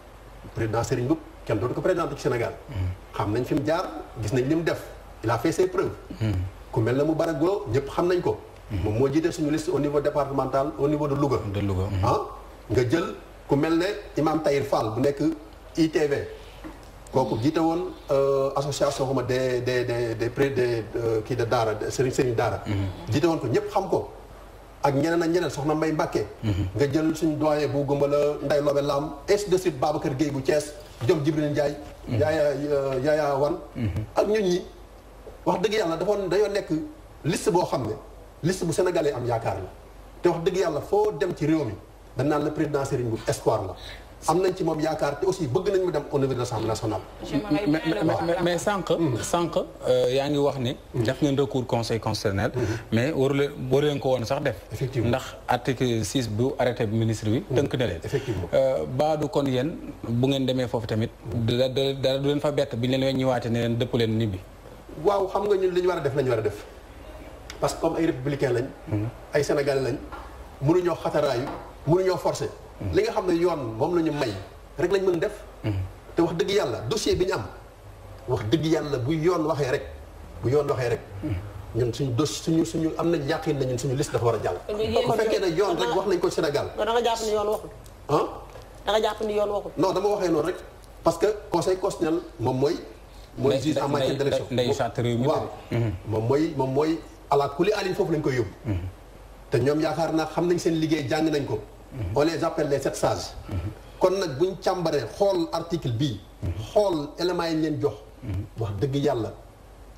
président Serigne Mboup kenn dootu ko président ci Sénégal. xam nañ fi mu jaar gis nañ li mu def il a fait ses preuves. ku mel ne Moubarack goo ñëpp xam nañ ko. moom moo jiite suñu liste au niveau départemental au niveau de Louga. de Louga mhm. ah nga jël ku mel ne Imam Tahir Fall bu nekk ITV. kooku jiite woon euh, association xuma des des des des pré euh, kii de Daara Serigne Serigne Daara. Mhm. jiite woon ko ñëpp xam ko. ak ñeneen ak ñeneen soxna May Mbàkke mm-hmm. nga jël suñu doyen bu Gumbala Nday Lobe Lam ainsi de suite Babacar Gueye bu Thiès jom Jibril Ndiaye mm-hmm. yaaya yaaya wan mm-hmm. ak ñun ñi wax dëgg yàlla dafa dañoo nekk liste boo xam ne liste bu sénégalais am yaakaar la te wax dëgg yàlla foo dem ci réew mi dañ naan le président Serigne Mboup espoir la am nañ ci moom yaakaar te aussi bëgg nañ mu dem au niveau de l'Assemblée nationale. mais mais sànq. Mm. sànq euh, yaa ngi wax ne. Mm. def ngeen recours conseil constitutionnel. Mm-hmm. mais waru leen waru ko woon sax def. effectivement ndax article six bu arrêté bu ministre bi. Mm. tënk na leen baa euh, baadu kon yéen bu ngeen demee foofu tamit. dara da du leen fa bett bi ñu leen ñëwaatee ne leen dëpp leen nit bi. waaw xam nga ñun li ñu war a def la war a def parce que comme ay républicain lañ. Mm-hmm. ay sénégalais lañ mënuñoo xataraayu mënuñoo forcer. li nga xam ne yoon moom la ñu may rek lañ mën def. Mm-hmm. te wax dëgg yàlla dossier bi ñu am wax dëgg yàlla bu yoon waxee rek bu yoon waxee rek. Mm-hmm. ñun suñu dos suñu suñu am nañ yàqin na ñun suñu liste dafa war a jàll. bu fekkee ne yoon rek wax nañ ko Sénégal. non da nga jàpp ni yoon waxul. ah. da nga jàpp ni dama waxee noonu rek parce que conseil constitutionnel moom mooy. mooy juge en matière d'élection ndey charte mm-hmm. moom mooy moom mooy ala kuli alin foofu lañ koy yóbbu. te ñoom yaakaar naa xam nañ seen liggéey jàng nañ ko. on mhm. les appelle les sept mhm. kon nag buñ càmbaree xool article bii. Mhm. xool éléments yi leen jox. wax dëgg yàlla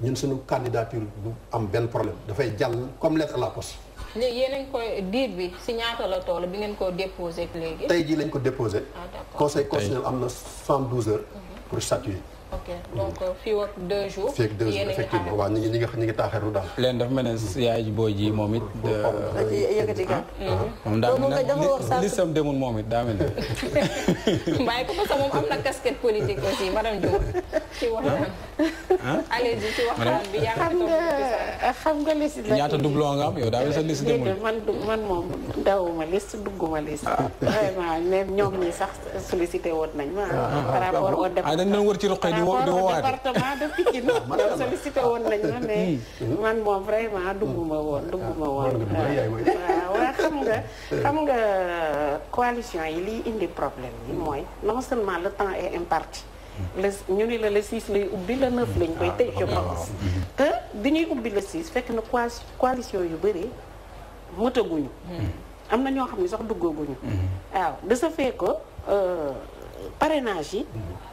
ñun suñu candidature du am benn problème dafay jàll comme lettre à la poste. léegi yéen a ngi koy diir bi si ñaata la tool bi ngeen ko déposé léegi. tey jii lañ ko déposé. Ah, conseil constitutionnel am na 112 heures pour statuer. ok donc euh, fii ak deux jours. fii ak deux jours leen dafa mel yaay booy ji moom it. Euh, yëkkati kan. Mhm. moom daa mel demul moom it daa mel ne. mbaay <laughs> ko parce que moom am na casquette politique aussi madame Diouf ci waxtaan. ci waxtaan bi xam nga xam ñaata doublon nga am yow daa mel sa liste demul. man man moom dawuma liste dugguma liste. Ah. ñoom ñi sax sollicité woon nañ ma. Ah, ah, par rapport au départ woowaat département de Pikine <laughs> ah, man sollicité woon nañ hmm. hmm. man moom vraiment dugguma woon dugguma ah, woon ah, waaw xam nga xam nga coalition yi liy indi problème bi mooy non seulement le temps et imparti hmm. le ñu ni la le 6 lay ubbi le 9 lañ koy tëj je pense que bi ñuy ubbi le 6 fekk na coalition yu bëri mëtaguñu am na ñoo xam ne sax duggooguñu waaw de ce fait que euh, yi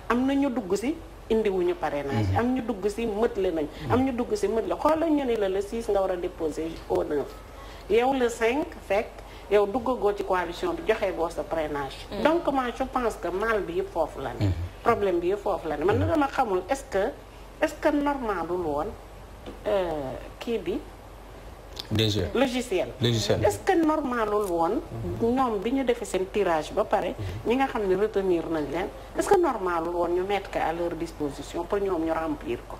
am na ñu dugg si indiwuñu wuñu mhm. am ñu dugg si mëtle nañ mhm. am ñu dugg si mët la xoolal ñu ni la la 6 nga war a déposé au 9 yow la cinq fekk yow duggagoo ci coalition bi joxe goo sa parrainage mhm. donc moi je pense que mal bi yëpp foofu la ne problème bi yëpp foofu la ne man na dama xamul est-ce que est-ce que normal dul woon euh, kii bi logiciel logiciel est-ce que normal woon ñoom bi ñu tirage ba pare ñi nga retenir est-ce que normal nous ñu mettre à leur disposition pour nous ñu remplir ko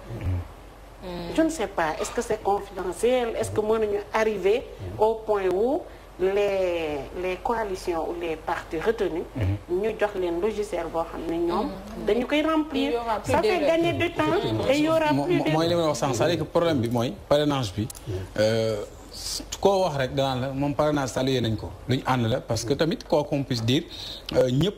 hmm. je ne sais pas est-ce que c'est confidentiel est-ce que mënuñu arriver hmm. au point où les les coalitions ou les partis retenus nous hmm. jox les logiciel boo xam nous les dañu koy remplir ça fait gagner du temps et il y aura plus de Moi, li que dire que problème bi koo wax rek danaan la moom pare naa salué nañ ko lu ñu ànd la parce que tamit quoi qu'on puisse dire euh, ñëpp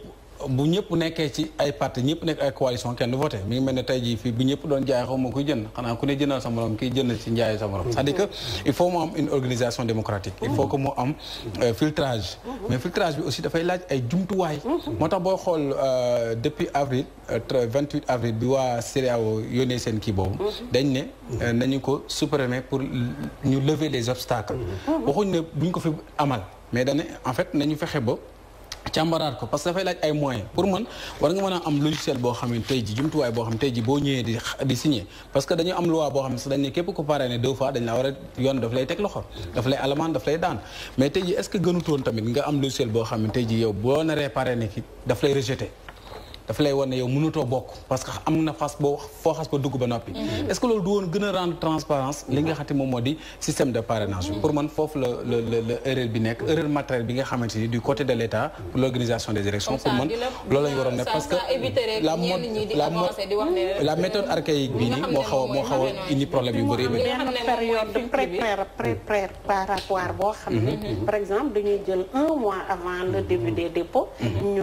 bu ñëpp nekkee ci ay parti ñëpp nekk ay coalition kenn du voté mi ngi mel ne tey jii fii bu ñëpp doon jaay xaw ma koy jënd xanaa ku ne jëndal sa morom kii jënd ci njaay sa morom c'est-à-dire que il faut mu am une organisation démocratique il faut que mu am euh, filtrage mais filtrage bi aussi dafay laaj ay jumtuwaay moo tax boo xool euh, depuis avril 28 euh, avril bi waa CEDEAO yónnee seen kii boobu dañ ne nañu ko supprimer pour ñu lever les obstacles mm-hmm. waxuñ ne buñ ko fi amal mais dañ en fait nañu fexe ba càmbaraat ko parce que dafay laaj ay moyens pour man war nga mën a am logiciel boo xam ne tey jumtuwaay boo xam ne tey ji boo ñëwee di di signé dañu am loi boo xam ne sax dañ ne képp ko paree ne deux fois dañ la war a yoon daf lay teg loxo daf lay alamaan daf lay daan mais tey ji est gënutoon tamit nga am logiciel boo xam ne tey ji yow boo naree paree ne ki daf lay rejeté dafa lay wan yow mënuto bokk parce que am na fas boo foo xas ba dugg ba nopi est-ce que loolu du won gëna rendre transparence li nga xati mom modi système de parrainage pour man foofu le le le erreur bi nek erreur matérielle bi nga xamanteni du côté de l'État pour l'organisation des élections pour man loolu lañu waroon ne parce que la mode la mode la méthode archaïque bi ni mo xaw mo moo xaw indi problème yu bari mais période pré pré préparatoire bo xamné ne par exemple dañuy jël 1 mois avant le début des dépôts ñu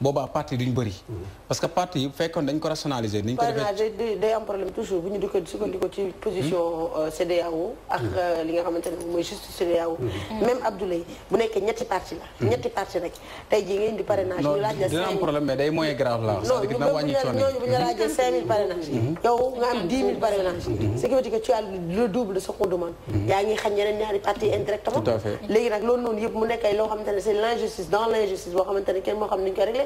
boobaa parti duñ bëri. parce que parti yi dañ ko rationaliser. niñ ko defee day am problème toujours buñu ñu di ko ci position hmm. euh, CDAO ak hmm. euh, li nga xamante moy justice juste hmm. même Abdoulaye bu nekkee ñetti parti la. ñetti parti rek tay ji ngeen di parrainage. ñu laaj la dina am problème mais day moyen grave là cest à na dina wàññi coono buñu bu 5000 parrainage. yow nga am 10000 000 parrainage. ce qui veut dire que tu as le double de ce qu'on demande. ya ngi xam ñeneen ñaari parti indirectement. tout à fait léegi nag loolu noonu yëpp mu nekk ay lo ne c'est l'injustice dans l'injustice bo xamante ne kenn moo xam ni ñu koy réglé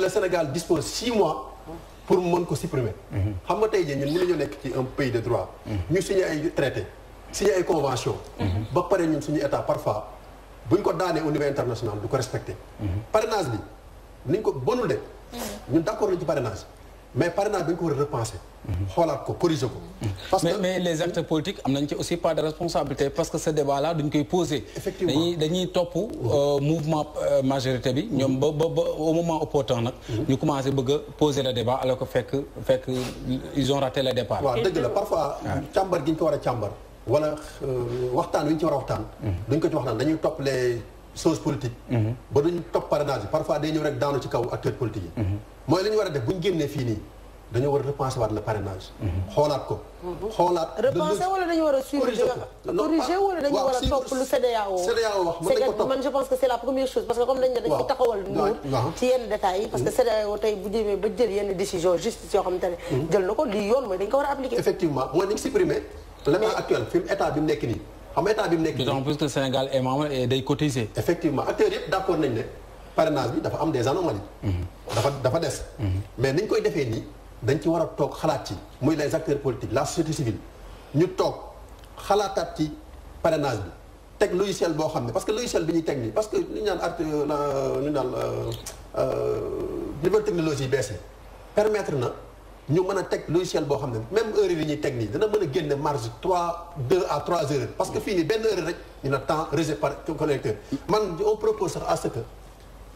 le Sénégal dispose six mois pour mën ko supprimer. xam nga tey nous ñun un pays de droit. ñu signé ay traité signé une convention ba nous ñun suñu état parfois buñ ko daanee au niveau international du ko respecter. Mhm. parrainage nous niñ ko bonul le mhm. parrainage mais par bi ñu ko war a repenser. ko corriger ko. parce que mais les acteurs politiques am ci aussi pas de responsabilité parce que ce débat là duñ koy poser. effectivement dañuy top topp euh, mouvement euh, majorité bi. ñoom au moment opportun nag. Mhm. ñu commencé bëgg poser le débat alors que fait que ils ont raté le départ. Voilà. la parfois ah. càmbar qui ñu ko war a càmbar. wala euh, waxtaan wi ñu ci war a waxtaan. Mhm. ko ci les choses politiques. Mhm. ba duñ topp parrainage bi parfois day ñëw rek le ci kaw acteurs politiques moi li wara def buñu génné génnee fii nii repenser waat le parrainage. xoolaat ko. xoolaat repenser wala dañu wara a suivre. corriger wala dañu wara top lu CEDEAO. CEDEAO wax mën nañu ko man je pense que c'est la première chose parce que comme dañu dañ ci taxawal. waaw ci yenn détails parce que mm. CEDEAO tay bu demee ba jël yenn décision justice yo xamante ne. Mm. jël na ko lii yoon mooy dañu ko wara appliquer. effectivement mooy ni supprimer. l' actuel film état bi nek ni xam état bi nek ni donc plus que Sénégal est membre et day cotiser. effectivement acteurs yépp d'accord nañ né ne parrainage bi dafa am des anomalies mm-hmm. Mhm. Mais nous avons dit que nous mais les acteurs politiques, la société civile, nous avons dit que le parrainage, le logiciel, parce que le logiciel est technique, parce que nous avons le niveau de technologie baissé, permettre que nous avons le logiciel, même heure de technique, nous avons gagné marge 3, 2 à 3 heures, parce que fini, une heure, il attend a temps réservé par le collecteur. on propose à ce que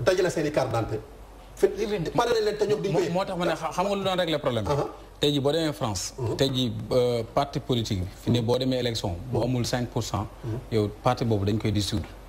D'ailleurs, c'est i carte problème uh-huh. France. Uh-huh. Euh, parti politique fini vous mes élections? élection 5 uh-huh. parti boobu koy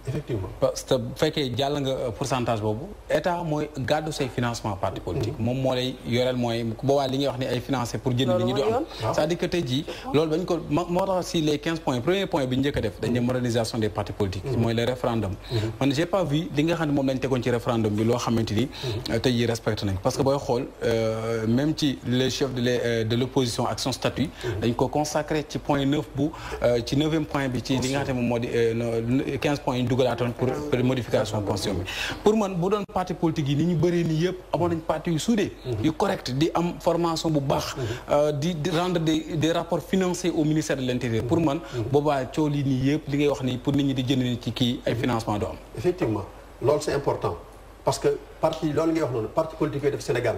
effectivement parce que bu fekkee nga euh, pourcentage bobu état moy gàddu say financement parti politique mom moo lay moy bo boobaa li nga wax ni ay financé pour jënd li ñu du am cest à que tu ji lool bañ ko moo tax si les 15 points premier point bi njëkk a def dañ modernisation des partis politiques moy mm-hmm. le référendum mm-hmm. man j'ai pas vu li nga xam mom moom lañ ci référendum bi lo xamanteni mm-hmm. euh, tay ji jii respecté nañ parce que boy xol euh, même ci les chefs de de l'opposition Action son statut dañ ko consacré ci point neuf bu ci 9e point bi ci li nga xam mom modi 15 dugalaatoon pour modification modifications. pour man bu done parti politique yi ni ñu bëree ni nañ parti yu soudé yu correct di am formation bu baax euh, di rendre des des rapports financiers au ministère de l'intérieur pour man boba coow ni yépp wax ni pour nit ñi di jënd ni ci ay financement d'homme am effectivement loolu c'est important parce que parti loolu ngay wax non parti politique du def Sénégal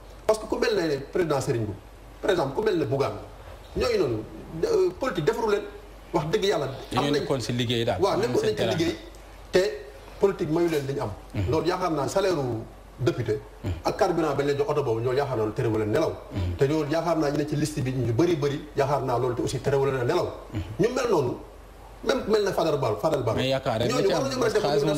parce que ku mel ne président Serigne Mboup par exemple ku mel ne Bougane ñooñu noonu euh, politique defaru leen wax dëgg yàlla. am nekkoon si liggéey daal waaw nekkoon nañ ci liggéey te politique mayu leen dañu am. Mhm. loolu yaakaar naa salaire député mhm. ak carburant bañ leen jox oto boobu ñoo yaakaar naa terewul leen nelaw mhm. te loolu yaakaar naa ñu ne ci liste bi ñu bëri bëri yaakaar naa loolu te aussi terewul leen nelaw ñu mel noonu même mel na Fadar Barro Fadar Barro. mais yaakaar rek nga ci am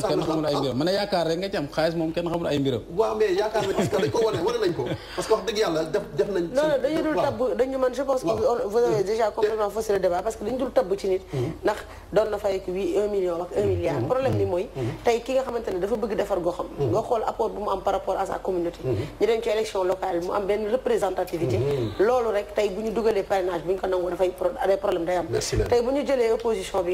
xaalis moom kenn xamul ay mbiram ma ne yaakaar rek nga ci am xaalis moom kenn xamul ay mbiram. waaw mais yaakaar nañ parce que dañ ko wane wane nañ ko parce que wax dëgg yàlla def def nañ. non non dañu dul tabb dañu man je pense que vous avez déjà complètement faussé le débat parce que dañu dul tabb ci nit. ndax doon na fay wi un million ak un milliard. problème bi mooy. tey ki nga xamante ne dafa bëgg defar goxam. nga xool apport bu mu am par rapport à sa communauté. ñu dem ci élection locale mu am benn représentativité. loolu rek tey bu ñu dugalee parrainage bu ñu ko nangoo dafay pro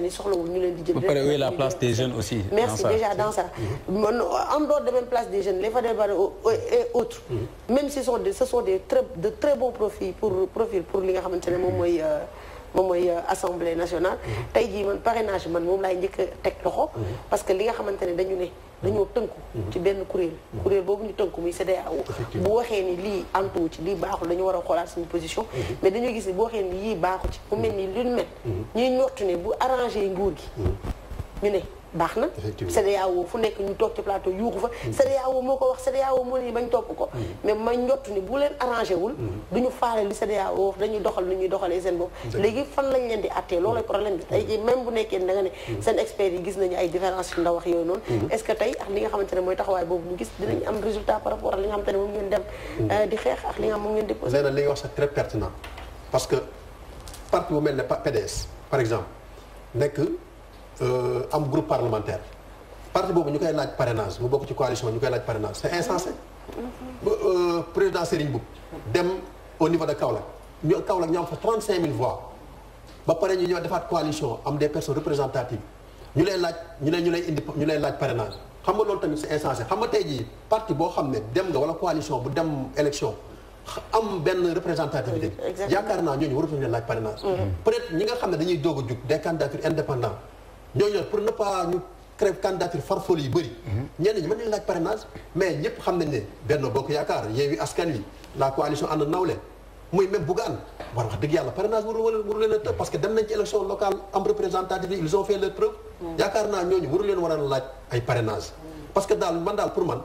xamante ni la place des jeunes aussi. merci déjà dans ça on en dehors de même place des jeunes les Fadel Barre et autres. Mhm. même si ce sont des très de très bons profils pour profil pour li nga xamante ne moom mooy. Euh, euh, assemblée nationale. Mhm. tay jii man parrainage man mom lay ñëk tek loxo. Mhm. parce que li nga xamantene dañu né dañoo tënku ci benn kuréel kuréel boobu ñu tënku muy CEDEAO bu waxee ni lii antuwu ci lii baaxul dañu war a xoolaat suñu position mhm. mais dañoo gis ni bu waxee ni yii baaxu ci mu mel ni lu mel mhm. ñuy ñortu ne bu arrangé nguur gi mhm. ñu ne baax na e e fu nek ñu tok ci plateau yuuxu fa mm-hmm. CEDEAO moko wax CEDEAO moo leen bañ topp ko mm-hmm. mais ma ñott ni bu leen arrangé wul mm-hmm. duñu faale li CEDEAO wax dañuy doxal lu ñuy doxalee seen bopp légui fan lañ leen di atté loolay problème bi tay jii même bu nekkee da nga ne sen expert yi gis nañ ay différence yu ndaw wax yooyu noonu est-ce que tay ak li nga xamantene moy taxaway bobu boobu ñu gis dinañ am résultat par rapport ak li nga xamantene ne moom dem euh, di xeex ak li nga xam moom ngeen di posé li wax sax très pertinent parce que parti bu melne ne PDS par exemple nek euh, am groupe parlementaire parti bobu ñu koy laaj parrainage mu bokku ci coalition ñu koy laaj parrainage c'est insensé. Mhm. Euh président Serigne Boub dem au niveau de Kaolack ñu Kaolack ñu am fa 35000 voix ba paré ñu ñëw defaat coalition am des personnes représentatives ñu lay laaj ñu lay ñu lay indi ñu lay laaj parrainage xam nga loolu tamit c'est insensé xam nga tay ji parti bo xamné dem nga wala coalition bu dem élection am benn représentativité. yaakaar naa ñooñu waratuñu leen laaj parrainage. Mhm. peut-être ñi nga xam ne dañuy doog a jug des candidatures indépendants. ñooñu pour ne pas ñu créer candidature farfolu yu bëri. ñenn ñi mën nañu laaj parrainage mais ñëpp xam nañ ne benn Bokk Yaakaar Yewwi Askan Wi la coalition ànd nawle muy bugg Bougane war wax dëgg yàlla parrainage waru waru leen a tëb parce que dem nañ ci élection locale am représentative ils ont fait leur preuve. yaakaar naa ñooñu a ay parrainage. parce que daal man daal pour man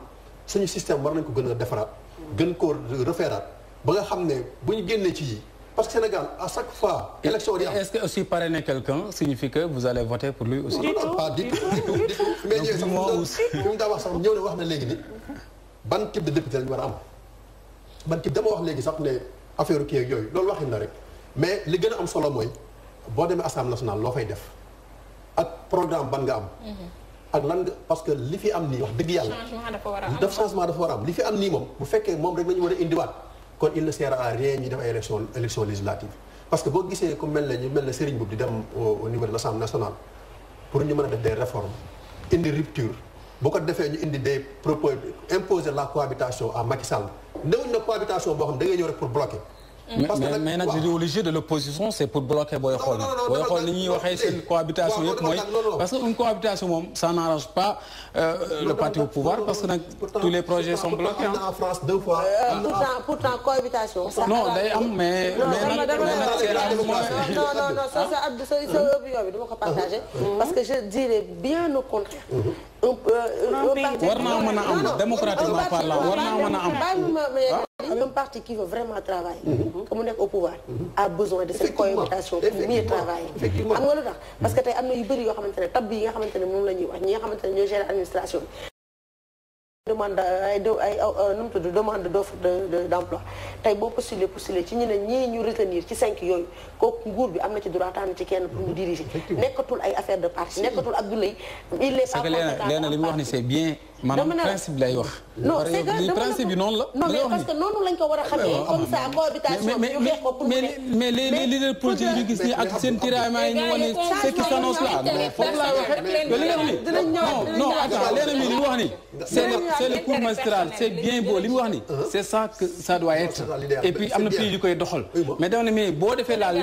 suñu système war nañ ko gën a defaraat. gën koo refeeraat ba nga xam ne bu ñu génnee ci yi Parce que Sénégal, à chaque fois, élection Est-ce que aussi parrainer quelqu'un signifie que vous allez voter pour lui aussi Non, pas du tout, du tout, du tout. <laughs> Mais il y a sax ñëw na wax na léegi dit ban type de député lañu war a am ban type dama wax léegi sax ne affaire kii ak yooyu loolu waxina rek mais li gëna am solo moy bo demee assemblée nationale lo fay def ak programme ban nga am. Mhm. ak lan parce que li fi am ni wax dëgg yalla changement dafa wara am def changement dafa wara am li fi am ni mom bu féké mom rek la ñu war a indiwaat. kon il ne sert à rien ñu dem ay élection élection législative parce que boo gisee ku mel na ñu mel ne Serigne Boub di dem au niveau de l'Assemblée nationale pour ñu mën a def des réformes indi rupture bu ko defee ñu indi des propos imposer la cohabitation a Macky Sall newuñ na cohabitation boo xam da ngay ñëw rek pour bloquer parce que mais de l'opposition c'est pour bloquer cohabitation parce qu'une cohabitation ça n'arrange pas le parti au pouvoir parce que tous les projets sont bloqués en France deux fois pourtant cohabitation non mais non non non ça ça Abdou non non non partager parce que je dirais bien au contraire non non non non non non un partie qui veut vraiment travailler. que mu nekk au pouvoir. Mhm. a besoin de cette cohabitation pour mieux travailler. am nga lu parce que tey am na yu bëri yoo xamante ne tab yi nga xamante ne moom la ñuy wax ñi nga xamante ne ñoo gérer administration demande ay oh, euh, demande d'offre de d'emploi tey boo postuler postuler ci ñu ne ñii ñu retenir ci cinq yooyu kooku nguur bi amna ci droit tànn ci kenn pour nous diriger. nekatul ay affaire de parti nekkatul Abdoulaye. il est pas léena li mu wax ni c'est bien. manam principe lay wax. non c'est que li principe bi la. non mais parce que noonu lañ ko wara xamé comme ça cohabitation yu wax ko pour mais mais les les leaders politiques yu gis ni ak sen tiraillement yi ñu wane ce qui s'annonce là. foofu laa waxee mais li nga wax ni non non attends léena mi li wax ni c'est le c'est le cours magistral c'est bien beau li wax ni c'est ça que ça doit être et puis amna pays yu koy doxal mais dama ne mais bo défé la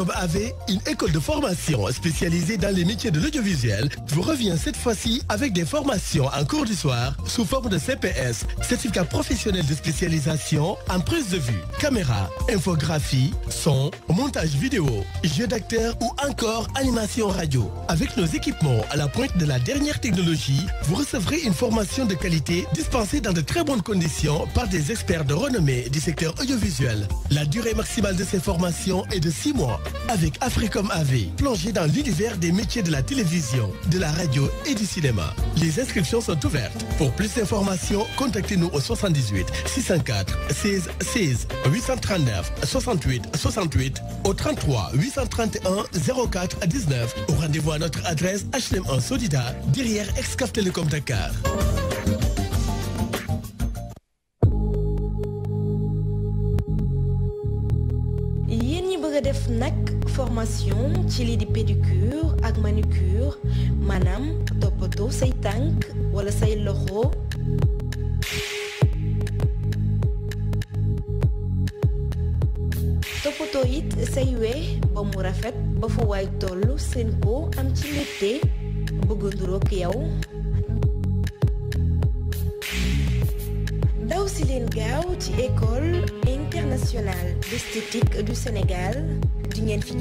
Jacob une école de formation spécialisée dans les métiers de l'audiovisuel, vous revient cette fois-ci avec des formations en cours du soir sous forme de CPS, certificat professionnel de spécialisation en prise de vue, caméra, infographie, son, montage vidéo, jeu d'acteur ou encore animation radio. Avec nos équipements à la pointe de la dernière technologie, vous recevrez une formation de qualité dispensée dans de très bonnes conditions par des experts de renommée du secteur audiovisuel. La durée maximale de ces formations est de 6 mois avec Africom AV, plongez dans l'univers des métiers de la télévision, de la radio et du cinéma. Les inscriptions sont ouvertes. Pour plus d'informations, contactez-nous au 78 604 16 16 839 68 68 au 33 831 04 19. Rendez-vous à notre adresse hm 1 Solida, derrière Excaf Télécom Dakar. formation ci li di pédicure ak manucure manam topoto say tank wala say loxo. topoto it say we ba mu rafet ba fu way tollu seen ko am ci La aussi, leen école internationale d'esthétique du Sénégal d'une fi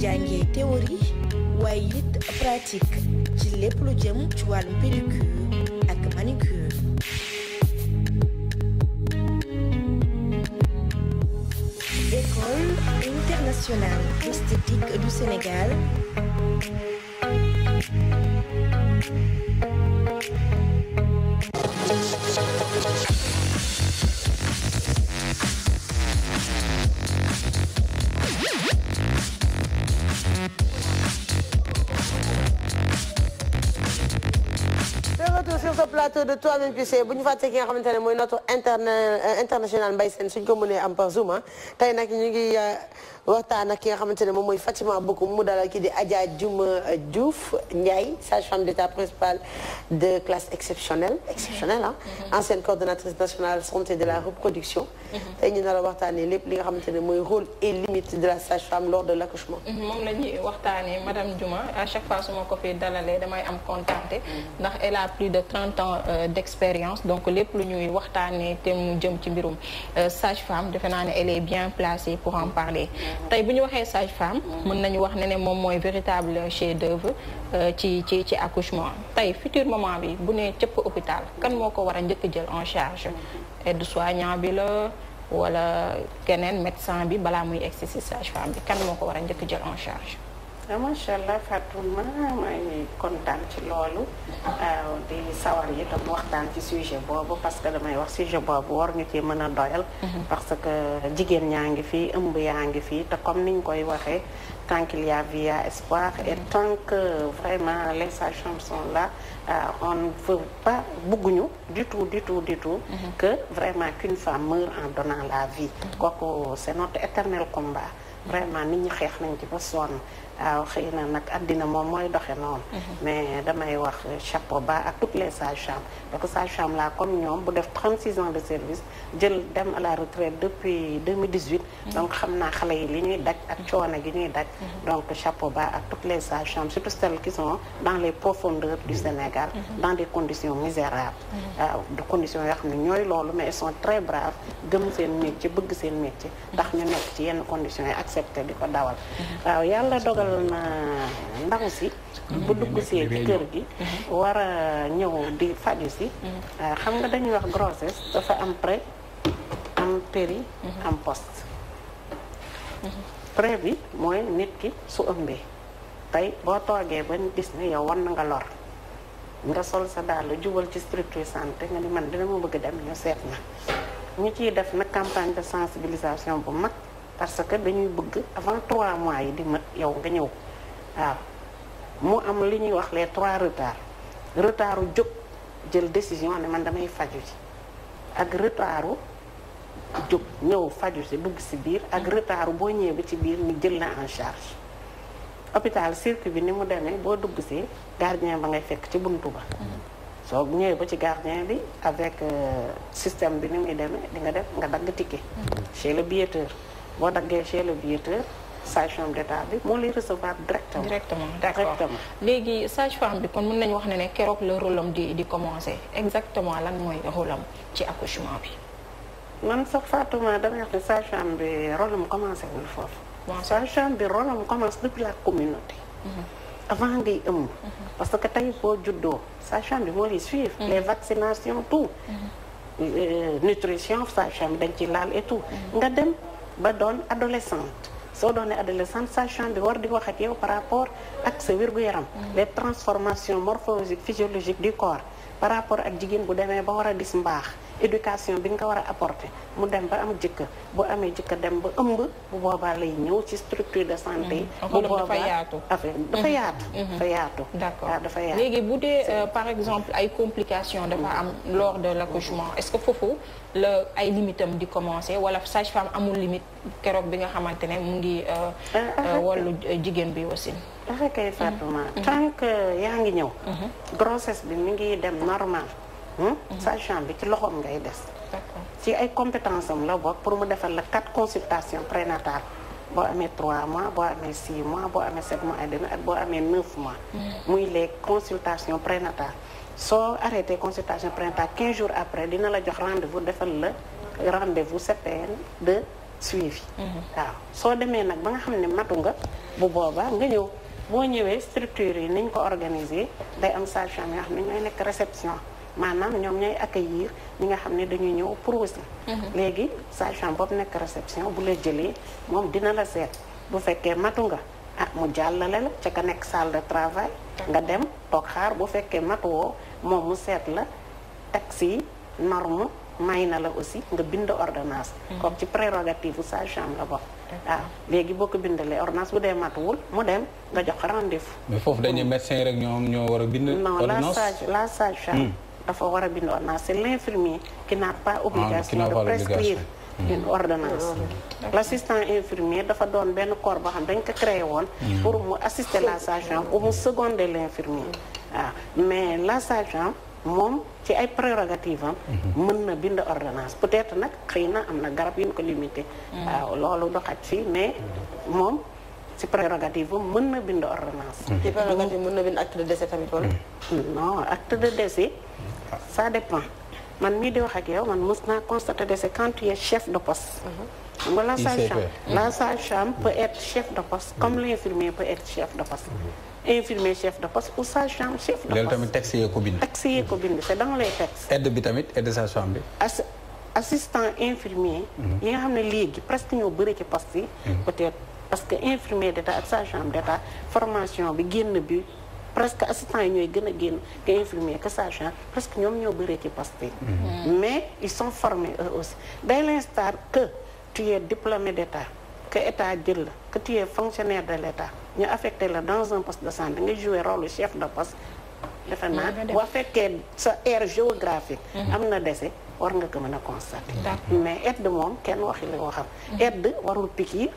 théorie white pratique qui les lu jëm ci et manucure. école internationale d'esthétique du Sénégal. plateau plateau de toi-même tu sais bu ñu fàttee ki nga xamante moy notre internet euh, international Mbaye sen suñ ko mënee am par Zoom ah tey nag ñu ngi euh, waxtaan ak ki nga xamante mom moy Fatima Bokoum mu dalal ki di Adja Diouma euh, Diouf Ndiaye sage-femme d'état principale de classe exceptionnelle exceptionnelle hein ancienne coordonnatrice nationale santé de la reproduction mm-hmm. tay ñu dara a lepp li nga xamante moy rôle et limite de la sage-femme lors de l'accouchement mme mm-hmm. la ñuy madame Diouma à chaque fois su ko fi dalalee damay am contacté ndax elle a plus de 30 euh, d'expérience donc les lu ñuy waxtaanee te mu jëm ci mbirum euh, sage-femme de naa elle est bien placée pour en parler tey bu ñu sage-femme mën nañu wax ne ne véritable chef-d'œuvre euh, ci ci ci accouchement tey futur maman bi bu nee cëpp hôpital kan moo ko jël en charge aide-soignant bi la wala keneen médecin bi balaa muy egsi si sage-femme bi kan moo ko war a njëkk jël en charge je suis Fatouma may ngi kontaan ci loolu euh, di sawar yi tam waxtan ci sujet parce que damay wax sujet bobu war ñu ci mëna mhm. parce que jigen ñangi fi ëmb yaangi fi te comme niñ koy waxé tant qu'il y a vie, il espoir et mhm. tant que vraiment les sages sont là euh, on ne veut pas bouger du tout du tout du tout. Mhm. que vraiment qu'une femme meurt en donnant la vie. c'est notre éternel combat. vraiment nous, xex nañ ci ba sonn il y a nag àddina qui doxe noonu mhm. mais damay wax chapeau bas à toutes les sages-femmes parce que sage-femme la comme nous bu def 36 ans de service jël dem à la retraite depuis 2018 mhm. donc nous naa xale yi li ñuy daj ak coono gi ñuy mhm. donc chapeau bas à toutes les sages-femmes surtout celles qui sont dans les profondeurs du Sénégal dans des conditions misérables des ah, de conditions qui sont très ñooy mais elles sont très braves gëm seen métier bëgg métier parce ñu nekk ci yenn conditions yi accepté di ko dawal waaw dogal na ndaw si bu dugg si ci kër gi war a ñëw di faju si mm-hmm. ah, xam nga dañuy wax grossesse dafa am pré am péri mm-hmm. am post mm-hmm. pré bi mooy nit ki su ëmbee tey boo toogee ba gis ne yow war na nga lor nga sol sa dàll jubal ci structure santé nga ni man dina ma bëgg dem ñu seet na ñu ciy def nag campagne de sensibilisation bu mag parce que dañuy bëgg avant trois mois yi di mat yow nga ñëw waaw mu am li ñuy wax les trois retards retardu jóg jël décision ne man damay faju ci ak retardu jóg ñëw faju ci bëgg si biir ak retardu boo ñëwee ba ci biir ñu jël na en charge hôpital circuit bi ni mu demee boo dugg si gardien ba ngay fekk ci buntu ba soo ñëwee ba ci gardien bi avec euh, système bi ni muy demee di nga def nga dagg ticket mm-hmm. chez le billetteur boo daggee chez le d'état bi recevoir directement. directement d'accord léegi bi kon wax ne ne rôle di di commencer exactement lan rôle accouchement bi. man Fatouma wax rôle commencé rôle commence depuis la communauté. Mhm. avant ngay ëmb. Mhm. parce que bi les suivre. Mhm. les vaccinations tout. Euh, nutrition sa femme dañ et tout nga ba doon adolescente soo doonee adolescente sachant de bi war di wax par rapport ak sa wér yaram mm. les transformations morphologiques physiologiques du corps par rapport ak jigéen bu demee ba war a gis mbaax éducation bi nga ko war a apporter mu dem ba am jëkkër bu amee jëkkër dem ba ëmb bu boobaa lay ñëw ci structure de santé yi mm-hmm. bu boobaa dafa mm-hmm. yaatu dafa mm-hmm. yaatu dafa yaatu d'accord dafa yaatu léegi bu dee euh, par exemple ay complications dafa am lors de l'accouchement est-ce que foofu la ay limite am di commencer wala sage-femme amul limite keroog bi nga xamante ne mu ngi euh, ah, ah, euh, ah, wallu jigéen bi aussi dafa kay Fatouma tant yaa ngi ñëw grossesse bi mi ngi dem normal Hmm? sage-femme bi ci loxom ngay des ci ay compétences am la bok pour mu defal la quatre consultations prénatales bo amé 3 mois bo amé 6 mois bo amé 7 mois et demi ak boo amee neuf mois hmm. muy les consultations prénatales so arrêté consultation prénatale 15 jours après dina la jox rendez-vous defal la rendez-vous CPN de suivi hmm. waaw so démé nak ba nga xamné ne matu nga bu boba nga ñëw bo ñëwee structure yi niñ ko organiser day am sage-femme yoo xam ne réception manam ñom ñay accueillir ñi nga xamné dañuy ñëw prosi mhm. légui sage-femme bop nek réception bu la jëlé mom dina la sét bu féké matu nga ah mu jallalé la ci ka nek salle de travail nga dem tok xaar bu féké matu wo mom mu sét la taxi norme may na la aussi nga bind ordonnance mhm. kooku ci prérogative bu sage-femme la bop ah légui boo bindalé ordonnance bu dee matuwul mu dem nga jox rendez-vous mais fofu dañuy mhm. médecin rek ñoom ñoo wara bind ordonnance non la sage la sage-femme hmm. dafa war a bind ordonnance c'est l'infirmier qui n'a pas ah, obligation de prescrire une hmm. ordonnance ah, l'assistant infirmier dafa doon benn corps boo xam dañ ko créé woon hmm. pour mu assister la sage-femme pour mu seconder l'infirmier waaw hmm. ah, mais la sage moom ci ay prérogative mën na bind ordonnance peut-être nag xëy na am na garab yu ñu ko limité waaw loolu doxat fii mais moom ci prérogative mën na bind ordonnance mën na bind acte de décès tamit wala non acte de décès ça dépend man mii di wax ak yow man musna constater c'est quand tu es chef de poste. la ça chambre la peut être chef de poste comme mm-hmm. l'infirmier peut être chef de poste. Mm-hmm. infirmier chef de poste ou sage-femme chef de poste. Il tamit texte Taxi bind. texte c'est dans les textes. aide de tamit aide sage-femme bi. as assistant infirmier. Mm-hmm. yi nga a une ligue presque ñoo ci poste yi. peut-être parce que infirmier d'état salle sage d'état formation bi génn bi. presque assistants yi ñooy gën génn que infirmier que sage-femme presque ñoom ñoo bëree ci poste yi mm-hmm. mais ils sont formé aussi dès l'instant que tu es diplômé d'État que état jël la que tu es fonctionnaire de l'État ñu affecté la dans un poste de santé nga jouer rôle chef de poste defe naa boo fekkee sa aire géographique mm-hmm. am na dese war nga ko mën a constater mais aide moom kenn waxi la ko xam mm-hmm. aide warul piqûre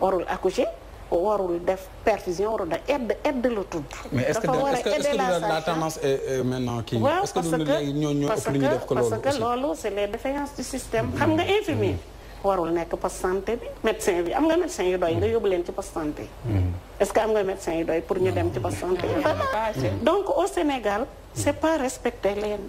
warul accoucher warul def perfusion warul def aide aide la tudd. dafa war a aider la la hein. tendance est maintenant kii. est-ce que nous léegi ñoo ñoo ëpp def ko loolu parce que loolu c'est les défaillances du système xam nga mm. infirmier. Mm. warul nekk poste santé bi médecin bi am nga médecin yu doy nga yóbbu leen ci poste santé. Mm. est-ce que am nga médecin yu doy pour ñu dem ci poste santé. <laughs> donc au Sénégal. C'est pas respecter leen.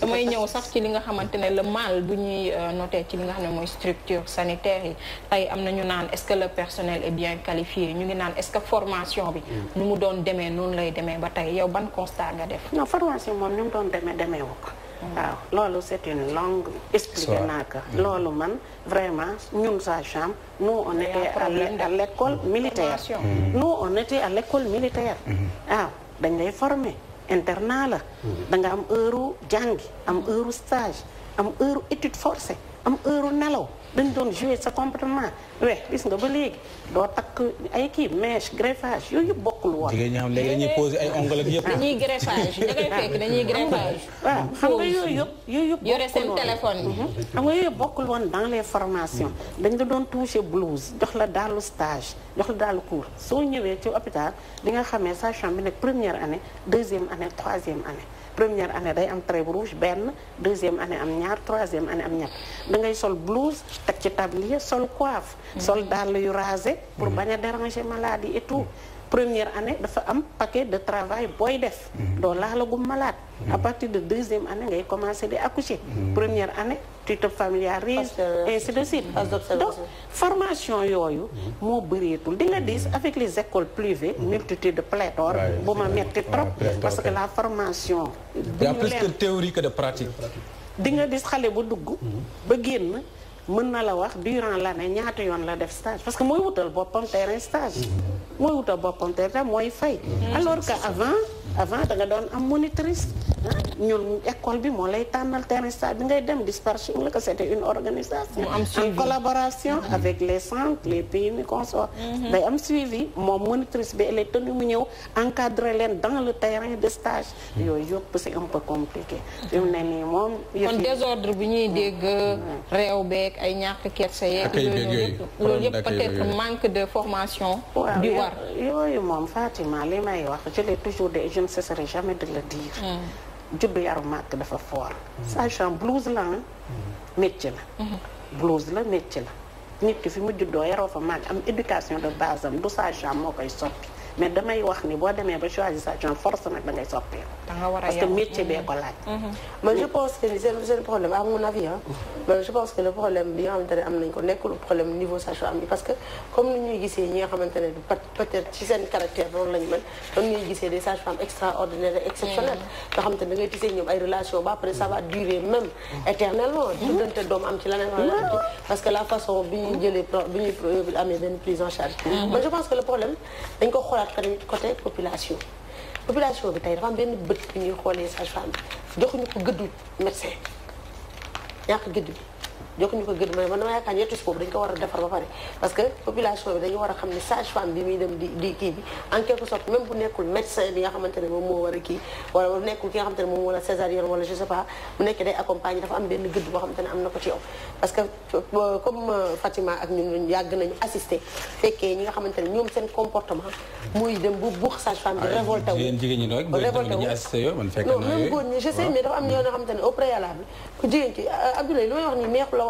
damay ñëw sax ci li nga xamantene le mal bu ñuy euh, noter ci li nga xam moy structure sanitaire yi tey am ñu naan est ce que le personnel est bien qualifié ñu ngi naan est ce que formation bi. Mm. nu mu doon demee non lay demee ba tay yow ban constat nga def. non formation mom ñu mu doon demee demee wu ko. Mm. waaw loolu c' est une longue. expliqué naa ko mm. loolu man vraiment ñun sa chambre nous on était à l' école militaire. nous on était à l' école militaire. waaw dañ lay former. internat la mm-hmm. da nga am heure jàngi am heure stage am heure étude forcée am heure nelaw dañ doon jouer sa comportement we gis nga ba léegi doo takk ay kii mèche greffage yooyu yëpp bokkul woon. jigéen ñi xam léegi dañuy posé ay ongles yëpp. dañuy greffage da ngay fekk dañuy greffage. waaw xam nga yooyu yëpp yooyu yore seen mhm. xam nga yooyu bokkul woon dans les formations. dañ la doon touché blouse jox la daalu stage jox la daalu cours soo ñëwee ci hôpital di nga xamee sage-femme bi nekk première année deuxième année troisième année. première année day am trait rouge deuxième année am ñaar troisième année am ñett da ngay sol blouse teg ci tablier sol coiffe sol dans yu rasé pour ne pas déranger maladie et tout première année dafa am paquet de travail Donc def mm-hmm. la gum malade à partir de deuxième année ngay commencer di accoucher mm-hmm. première année tu te familiarises ainsi de suite donc formation yo yo bëreetul tout nga avec les écoles privées mhm. multitude de pléthore pour m'amener trop parce que la formation il y a plus de théorie que de pratique di nga dis xale bu dugg mhm. ba génn na la wax durant l'année ñaata yoon la def stage parce que mooy wutal boppam terrain stage mhm. mooy wutal boppam terrain mooy fay alors qu'avant avant avant da nga doon am monitrice ah, ñun école bi mo lay tanal terrain stade bi ngay dem dispersion la que c'était une organisation en collaboration mm-hmm. avec les centres les PMI consorts mm-hmm. day am suivi moom monitrice bi elle est tenue mu ñëw encadrer leen dans le terrain de stage yoy mm-hmm. yop c'est un peu compliqué fi mu ne nii moom kon désordre bu ñuy dégg rew bek ay ñak kersa yeeg yooyu yëpp peut-être manque de formation du war yoy mom Fatima li may wax je l'ai toujours ce serait jamais de le dire. juddu yaru de dafa fort. sachant blouse la ah. métier la. Mm-hmm. blouse la métier la. nit ki fi mu juddoo fa am éducation de base am du sachant moo koy soppi mais damay wax ni boo demee ba choisir sa genre force nag da ngay soppeeku. parce que métier bee ko laaj. Mm-hmm. Mm-hmm. man je pense que seen seen problème à mon avis hein mm-hmm. mais je pense que le problème bi nga xamante ne am nañ ko nekkul problème niveau sa femme bi parce que comme ni ñuy gisee ñi nga xamante ne peut-être ci seen caractère loolu lañ mën comme ñuy gisee des sages-femmes extraordinaires exceptionnelles. nga xamante ne da ngay tisee ñoom ay relation ba après ça va durer même éternellement. diggante doom am ci leneen wala parce que la façon bi ñuy jëlee bi ñuy amee benn prise en charge. man je pense que le problème dañ ko côté population population bi femme joxuñu ko gëdd ma ne man dama yaakaar ñetti dañ ko war a defar ba pare parce que population bi dañu war a xam ne sage femme bi muy dem di kii bi en quelque sorte même bu nekkul médecin bi nga xamante moom moo war a kii wala nekkul ki nga xamante moom seen comportement muy dem bu buux sage femme bi ah, révolté wu révolté wu non même góor ñi je sais ah. euh, la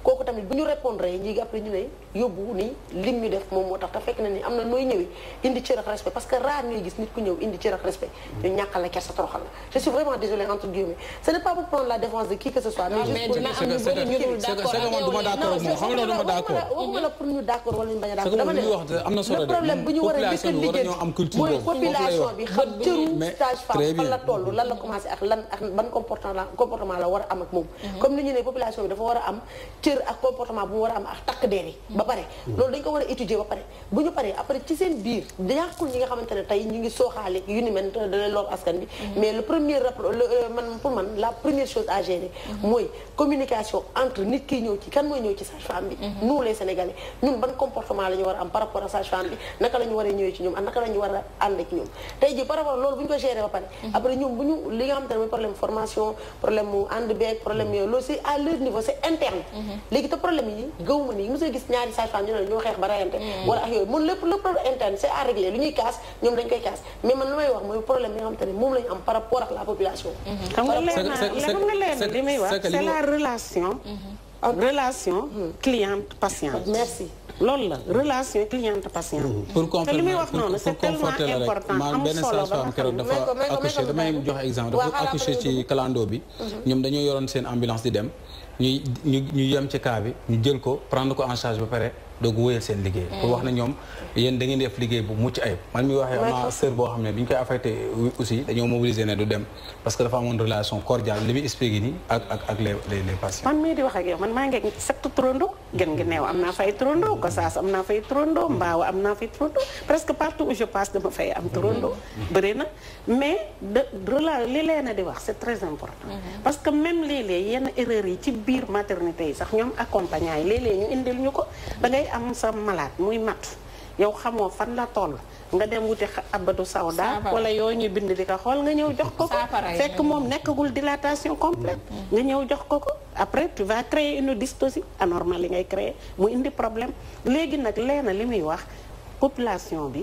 kooku tamit bu ñu répondre ñu ne yóbbu ni lim ñu def moom moo tax te fekk na ni am na nooy ñëwee indi cër respect parce que rare ngay gis nit ku ñëw indi cër respect ñu ñàkkal la kersa toroxal la je suis vraiment désolé entre ah, ñu bëri a d'accord war a njëkk liggéey mooy population bi xam cëru sage femme fan la toll lan la commencé ak ban comportement la war a am ak moom mhm. comme ni ñu ne population bi dafa war a am cër ak comportement bu a a étudier mm-hmm. euh, mm-hmm. communication entre nit ki ñëw ci kan mooy ñëw ci sage bi mm-hmm. nous les sénégalais ñun ban comportement la war a am par rapport à sage bi naka la war a ñëwee ci ñoom ak naka la war a ànd ak ñoom tey ji par rapport loolu bu ñu ko gérer ba pare après ñoom bu ñu li nga xamante ne mooy problème formation problème mu ànd problème yooyu loolu c'est à leur niveau interne léegi te problème yi gawuma nii mos nga gis ñaari sage-femme ñu ne ñoo xeex ba rayante mm. wala ak yooyu moom lépp le problème c'est à régler lu ñuy kaas ñoom dañ koy kaas man lu may wax mooy problème bi nga xam te ne moom lañu am par rapport ak la population mm-hmm. xam nga leen li may wax c'est la relation mm-hmm. relation mm-hmm. cliente patiente merci loolu la relation cliente patient. pour confirmer li muy wax noonu c'est tellement important am solo ba nga xam ne dafa accouché damay joxe exemple dafa accouché yoroon seen ambulance di dem. ñuy ñu ñu yem ci cas bi ñu jël ko prendre ko en charge ba pare doog wëyal seen liggéey mm. pour wax na ñoom yéen da ngeen def liggéey bu mucc ayib man mi waxee am na sœur boo xam ne bi ñu koy affecté aussi dañoo mobiliser ne du dem parce que dafa amoon relation cordiale li muy expliqué nii ak ak ak les les patients. man mii di wax ak yow man maa ngi sept turandoo gën gi neew am naa fay turandoo Gosaas am naa fay turandoo mm-hmm. Mbaaw am naa fay turandoo presque partout où je passe dama fay am turandoo. Mm-hmm. bëri na mais de rela li leen di wax c'est très important. Mm-hmm. parce que même léeg-léeg yenn erreur yi ci biir maternité yi sax ñoom accompagnant yi léeg-léeg ñu indil ñu ko da ngay am sa malade muy mat. yow xamoo fan la toll nga dem wuti abadu sawda wala yoo ñuy bind di ko xool nga ñëw jox ko ko fekk moom nekkagul dilatation complète mm-hmm. nga ñëw jox ko ko après tu vas créer une dystocie anormale li ngay créer mu indi problème léegi nag leena li muy wax population bi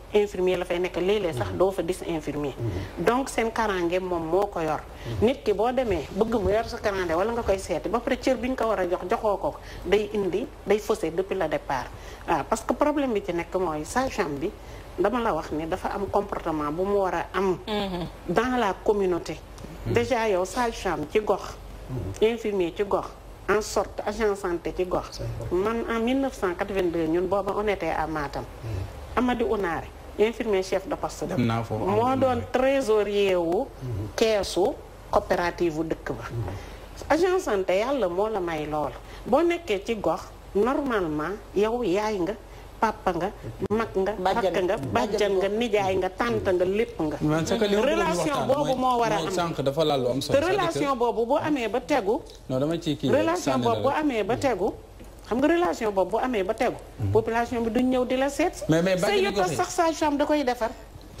infirmier la fay nek léeg sax mhm. doo fa dis infirmier mhm. donc c'est karange mom mon mot yor mhm. nit ki bo démé bëgg mu yor sa karange wala nga koy seeti ba pare cër biñ ko wara jox joxoko day indi day fossé depuis le départ Ah, parce que problème bi ci nek moy sage-femme bi dama la wax ni dafa am comportement bu mu wara am dans la communauté déjà yow sage chambre ci gox infirmier ci gox en sorte agent santé ci gox man en 1982 ñun booba on était à Matam amadou Unaare infirmier chef de poste dem naa foofu moo doon trésorier wu mhm. keesu coopérative wu dëkk ba mhm. agent santé yàlla moo la may lool boo nekkee ci gox normalement yow yaay nga papa nga mag nga rakk nga bàjjan nga nijaay nga tànt nga lépp nga relation boobu moo war a am sànq dafa laal lu te relation boobu boo amee ba tegu non dama relation boobu boo amee ba tegu xam nga relation boobu bu amee ba tegu. Mm-hmm. population bi duñ ñëw di la seet si. mais mais sëy yu tas sax sage-femme da koy defar.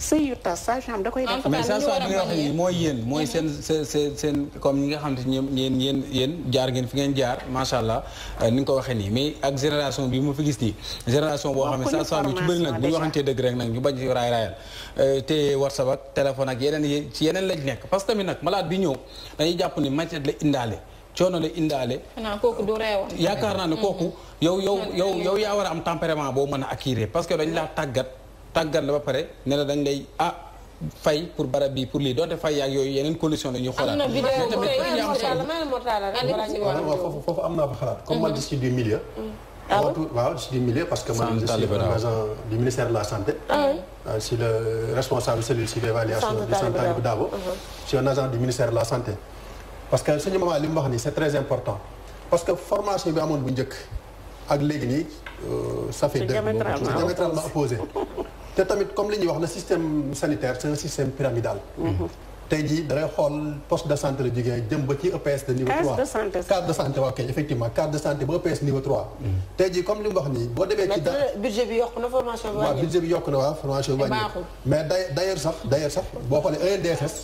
sëy yu tas sage-femme da koy defar. mais nga yéen mooy mm-hmm. seen seen seen comme ñi nga xam te ñoom yéen yéen yéen jaar ngeen fi ngeen jaar macha allah euh, ni nga ko waxee nii mais ak génération bi mu fi gis nii. génération boo xam ne sage-femme bi ci bëri nag bu ñu waxantee dëgg rek nag ñu bañ ci raay raayal euh, te WhatsApp ak téléphone ak yeneen yi ci yeneen lañ nekk parce que tamit nag malade bi ñëw dañuy jàpp ni matière la indaale coono la indaale. xanaa yaakaar naa ne kooku. yow yow mm-hmm. yow yow yaa war a am tempérament boo mën a acquérir parce que dañ laa tàggat tàggat la ba pare ne la dañ lay ah. fay pour barab bi pour lii doonte fay yaak yooyu yeneen condition la ñuy xoolaat. am na vidéo foofu foofu am naa fa xalaat. comme man je suis du milieu. Mm-hmm. ah bon waaw je suis du milieu parce que. man je suis un ministère la santé. Ah euh, je suis le responsable cellule suivie évaluation du centre Talibou Dabo. ministère la santé. parce que l'enseignement, à c'est très important parce que formation de amoon bu l'église, euh, ça fait deux c'est diamétralement opposé comme li le système sanitaire c'est un système pyramidal mm-hmm. tey jii da ngay xool poste de santé la jógee jëm ba ci EPS de niveau 3 case de santé case de santé ok effectivement case de santé ba EPS niveau 3. Mm-hmm. tey jii comme li mu wax nii boo demee. bi yokk na formation bi waaw bi yokk na formation bi wàññi mais d' ailleurs sax d' ailleurs sax boo xoolee e ENDSS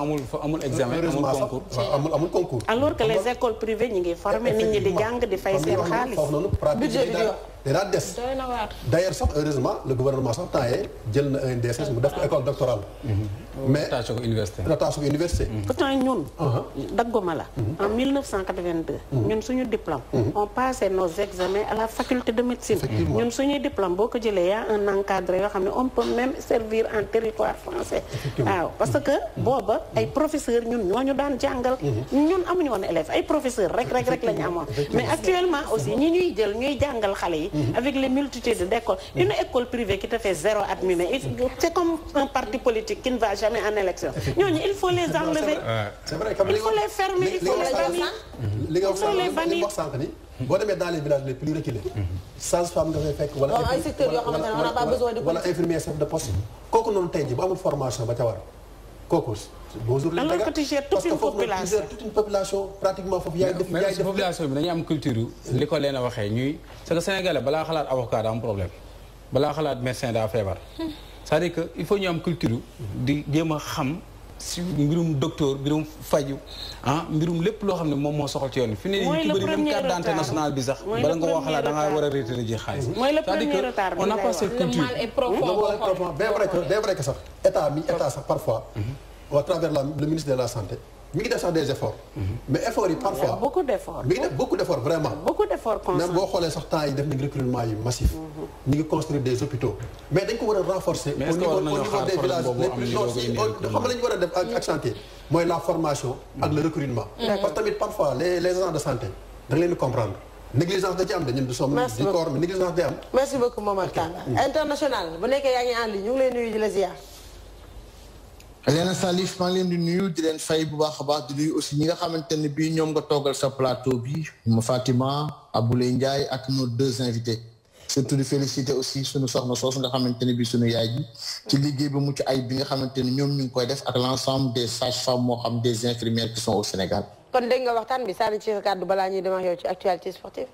amul amul examen amul amul concours. alors que les écoles privées ñu ngi former nit ñi di jàng di fay seen xaalis budget bi D'ailleurs, heureusement le gouvernement sax temps un DSS doctorale. Mm-hmm. mais rattaché ko université. rattaché ko université. Mm-hmm. pourtant nous, uh-huh. Dagomala, mm-hmm. en 1982. ñun suñu diplôme. on passait nos examens à la faculté de médecine. Nous un diplôme beaucoup de un encadré on peut même servir en territoire français. parce que Bob, ay professeurs nous, avons ñu daan jungle. Nous amuñu pas élève. ay professeurs rek rek rek mais actuellement aussi nous, ñuy jël ñuy jàngal Mm-hmm. avec les multitudes d'écoles. Mm-hmm. Une école privée qui te fait zéro admis, c'est comme un parti politique qui ne va jamais en élection. il faut les enlever. Il faut les fermer, mm-hmm. il faut les bannir. Il faut les bannir. dans les villages les plus reculés. de poste. formation kooku bonjour la dégâts parce que foofu noonu tu gères toute une population pratiquement foofu yaay def yaay def population bi dañuy am culture li ko leen a waxee ñuy parce que sénégalais balaa xalaat avocat daa am problème balaa xalaat médecin daa feebar c'est-à-dire que il faut ñu am culture di jéem a xam si mbirum docteur mbirum faju ah mbirum lépp loo xam ne moom moo soxal ci yoon fi ne ñu ci bëri même carte d'identité bi sax bala nga koo war a retraité ji xaalis c'est-à-dire que on n'a pas cette culture bien vrai que bien vrai que sax état mi état sax parfois à mhm. travers le ministre de la santé mi ngi def sax des efforts. Mhm. mais efforts yi parfois. beaucoup d'efforts. efforts mi ngi beaucoup d'efforts, vraiment. beaucoup d'efforts efforts même boo xoolee sax temps yi def nañ recrutement yu massif. Mhm. ñu ngi construire des hôpitaux. mais dañ ko war a renforcer. au niveau au niveau des villages les plus non si xam la ñu war def ak accentuer mooy la formation ak le recrutement. Mhm. parce que tamit parfois les les agents de santé da nga comprendre. négligence da ci am dañu du somme du corps mais négligence de am. merci beaucoup Momar Talla mm. international bu nekkee yaa ngi en ligne ñu ngi lay nuyu di la ziar. Léna Salif maa ngi leen di nuyu di leen fay bu baax a baax di nuyu aussi ñi nga xamante ne bii ñoom nga toogal sa plateau bi ma Fatima Aboulé Ndiaye ak nos deux invités surtout de féliciter aussi suñu soxna soos nga xamante ne bii suñu yaay ji ci liggéey bu mucc ay bi nga xamante ne ñoom ñu ngi koy def ak l'ensemble des sages-femmes moo xam des infirmières qui sont au Sénégal. kon dégg nga waxtaan bi sànni ci kàddu balaa ñuy dem ak yow ci actualité sportive.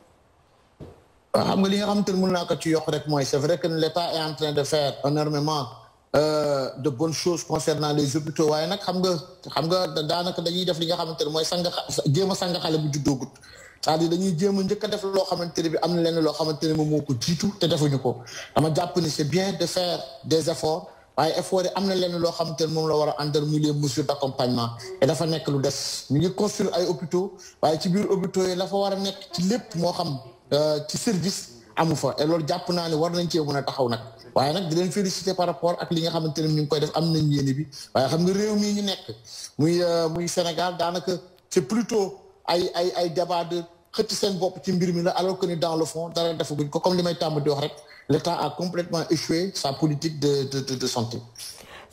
xam nga li nga xamante ne mën ci yokk rek mooy c'est vrai que l'État est en train de faire énormément Euh, de bonnes choses concernant les hôpitaux waaye nag xam nga daanaka dañuy def li nga xamante mooy sanga a sanga xale bu juddoogut c'est-à-dire dañuy jéem a njëkk a def loo xamante ne bi am na lenn loo xamante ne moom moo ko de faire des efforts waaye effort yi am na lenn loo la war a àndal muy les mesures d'accompagnement et dafa nekk lu des ñu ngi construire ay hôpitaux waaye ci biir hôpitaux yi la war a nekk ci lépp moo xam euh, ci service amu fa et jàpp naa ne war nañ cee na taxaw nag waaye nag di leen féliciter par rapport ak li nga xamante ne ñu ngi koy def am nañ yéene bi waaye xam nga réew mii ñu nekk muy euh, muy Sénégal daanaka c'est plutôt ay ay ay débat de seen bopp ci mbir mi la alors que ni dans le fond dara defaguñ ko comme li may tàmm di wax rek l'État a complètement échoué sa politique de de de santé.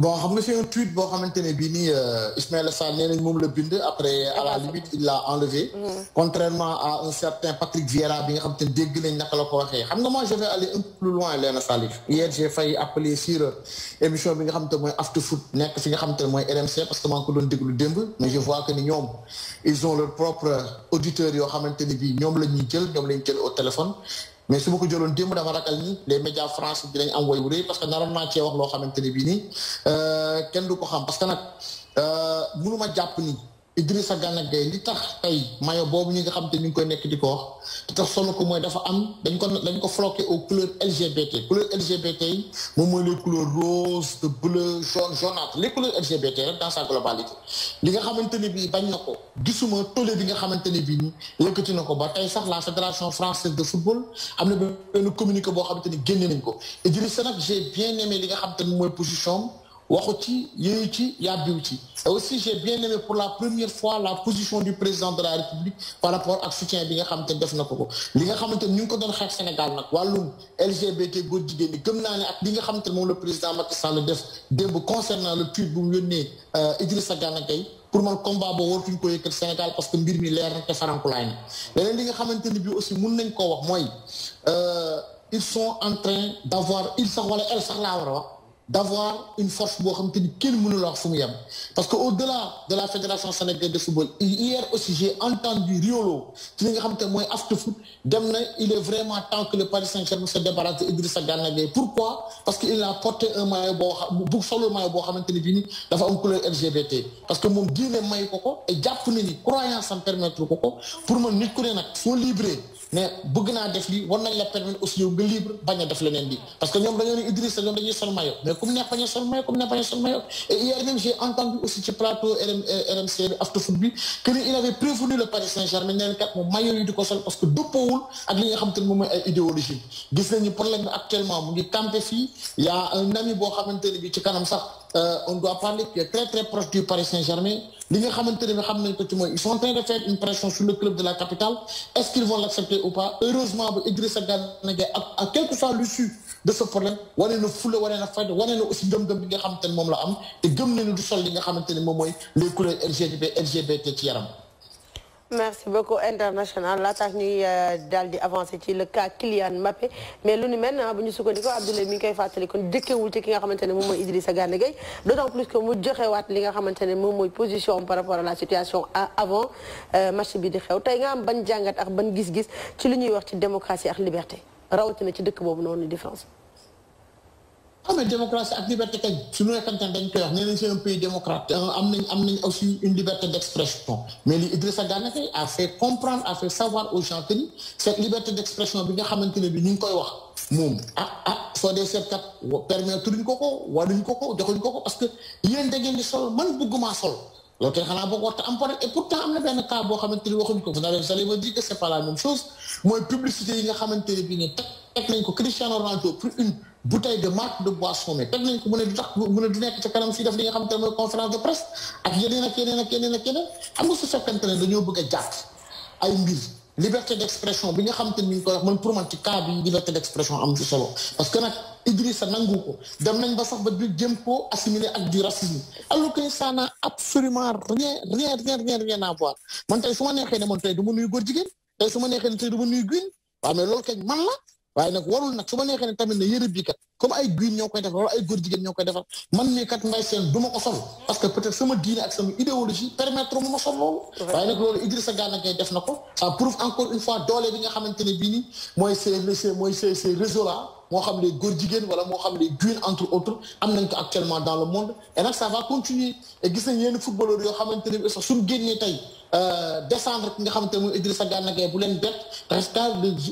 bon xam c'est un tweet boo xamante ne bii nii euh, Ismaël Sall, nee nañ moom la après à la limite il l'a enlevé mm. contrairement à un certain Patrick Vieira bi nga xam te ne dégg nañ ko waxee xam nga moi je vais aller un peu plus loin Léna Salif hier j'ai failli appeler sur euh, émission bi nga xam te mooy After Foot nekk fi nga xam te mooy RMC parce que maa ngi ko doon déglu démb mais je vois que ni ñoom ils ont leur propre euh, auditeur yoo xamante ne bien ñoom la le jël ñoom la ñuy au téléphone mais su ma ko jëloon démb dama ragal ni les médias français dinañ am woy bu rëy parce que naroon naa cee wax loo xamante ne euh, kenn du ko xam parce que nag euh, mënuma jàpp ni Idrissa Gana Gueye li tax tey mayo boobu ñi nga xam te ñu ngi koy nekk di ko wax li tax solo ko mooy dafa am dañ ko dañ ko floqué aux couleurs LGBT couleur LGBT yi moom mooy les couleurs rose bleu jaune jaunâtre les couleurs LGBT rek dans sa globalité li nga xamante ne bii bañ na ko gisuma tollé bi nga xamante ne bi nii yëkkati na ko ba tey sax la fédération française de football am na benn communiqué boo xamante ni génne nañ ko Idrissa nag j'ai bien aimé li nga xam te waxu ci yéeyu ci ci et aussi j'ai bien aimé pour la première fois la position du président de la république par rapport ak soutien bi nga xamante ne def na ko li nga xamante ñu ko doon xeex Sénégal nag wàllum LGBT góor jigéen ñi gëm naa ne li nga xamante ne le président Macky Sall def démb concernant le tweet bu mu yónnee euh, Idrissa Gana pour mon combat boo wartuñ ko yëkkat Sénégal parce que mbir mi leer na te farankulaay na leneen li nga xamante bi aussi mun nañ koo wax mooy euh, ils sont en train d'avoir ils sax wala elle sax laa d'avoir une force pour xam te ni kenn parce que au delà de la fédération sénégalaise de football hier aussi j'ai entendu Riolo qui est nga xam foot il est vraiment temps que le Paris Saint-Germain se débarrasse de Idrissa Gana pourquoi parce qu'il a porté un maillot boo xam maillot boo xamante ni dafa couleur LGBT parce que mon diine maillot, et jàpp ni permettre pour que nit ku ne nag mais bëgg naa def lii war nañ la permettre aussi yow nga libre bañ a def leneen bi parce que ñoom dañoo ne Idrissa ñoom dañuy sol maillot mais comme neex bañ a sol maillot comme neex a sol maillot et hier même j'ai entendu aussi euh, yi di ko sol parce que dëppoowul ak li nga xam te ne moom mooy gis nañu problème actuellement mu ngi campé fii y a boo xamante ne bi ci kanam sax euh, on doit parler qui proche du Paris Saint-Germain li nga xamante ne bi xam ko ci mooy ils sont en train de faire une pression sur le club de la capitale est-ce qu'ils vont l'accepter ou pas heureusement ba Idrissa Gana Gueye ak à quel sur de ce problème wane na fulla wane na fayda wane na aussi gëm-gëm bi nga xamante ne la am te gëm nañu du sol li nga xamante ne moom les couleurs LGBT LGBT ci yaram merci beaucoup international la tâche euh, ni avance, le cas Kylian Mbappé mais lu ni mel ah, Abdoulaye mi ngi kon ci ki nga d'autant plus que mu wat li nga position par rapport à la situation avant euh, match bi di xew nga am gis-gis ci wax ci démocratie ak liberté ci dëkk une différence ah mais démocratie ak liberté kañ suñu nekkante dañ koy wax nee nañ un pays démocrate euh, am nañ am nañ aussi une liberté d'expression mais li Idrissa Gana a fait comprendre a fait savoir aux gens que cette liberté d'expression bi nga xamante ne bi ñu koy wax moom ah ah soo des seetkat permettre ñu ko ko waruñ ko ko joxuñ ko parce que yéen da ngeen di sol man bëgguma sol loolu tey xanaa boo ko waxta am pare et pourtant am na benn cas boo xamante ni waxuñ ko vous allez me dire que c'est pas la même chose mooy publicité yi nga xamante ne bi ne teg nañ ko Cristiano Ronaldo pour une bouteille de marque de boisson mais teg nañ ko mu ne du tax mu ne du nekk ca kanam fii def li nga xam te mooy conférence de presse ak yeneen ak yeneen ak yeneen ak yeneen xam nga su fekkente ne dañoo bëgg a jàpp ay mbir liberté d'expression bi nga xam te ni ñu koy wax man pour man ci cas bi liberté d'expression am ci solo parce que nag Idrissa nangu ko dem nañ ba sax ba du jëm koo assimilé ak du racisme alors que ça n'a absolument rien rien rien rien rien à voir man tey su ma neexee ne man tey du ma nuyu góor jigéen tey su ma neexee ne tey du ma nuyu gwin waaw mais loolu kañ man la waaye nag warul nag su ma neexee ne tamit ne yére bii kat comme ay guy ñoo koy defar wala ay góor jigéen ñoo koy defar man mii kat mbay seen du ma ko sol parce que peut-être sama diine ak sama idéologie permettre mu ma sol loolu waaye nag loolu Idrissa Gana Gueye def na ko ça prouve encore une fois doole bi nga xamante ne bii nii mooy ces mooy ces ces réseaux là moo xam les góor jigéen wala moo xam les guy entre autres am nañ ko actuellement dans le monde et nag xamante ne bi sax suñ tey Euh, descendre ki nga xamanteni ne Idrissa Gana bu leen bett parce que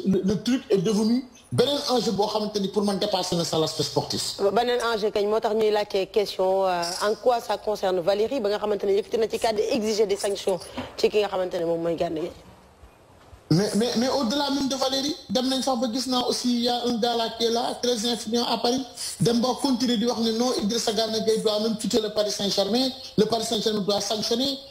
le truc est devenu beneen enjeu boo xamanteni pour man dépasser na sa l'aspect sportif. beneen enjeu kañ moo tax ñuy laajte question euh, en quoi ça concerne Valérie ba nga xamanteni ne yëkkati na ci cadre exiger des sanctions ci ki nga xamanteni ne moom mooy Gana mais mais mais au-delà même de Valérie dem nañ sax ba gis naa aussi il y a un gars là qui est là très influent à Paris dem ba continuer di wax ne non Idrissa Gana doit même quitter le Paris Saint-Germain le Paris Saint-Germain doit sanctionner.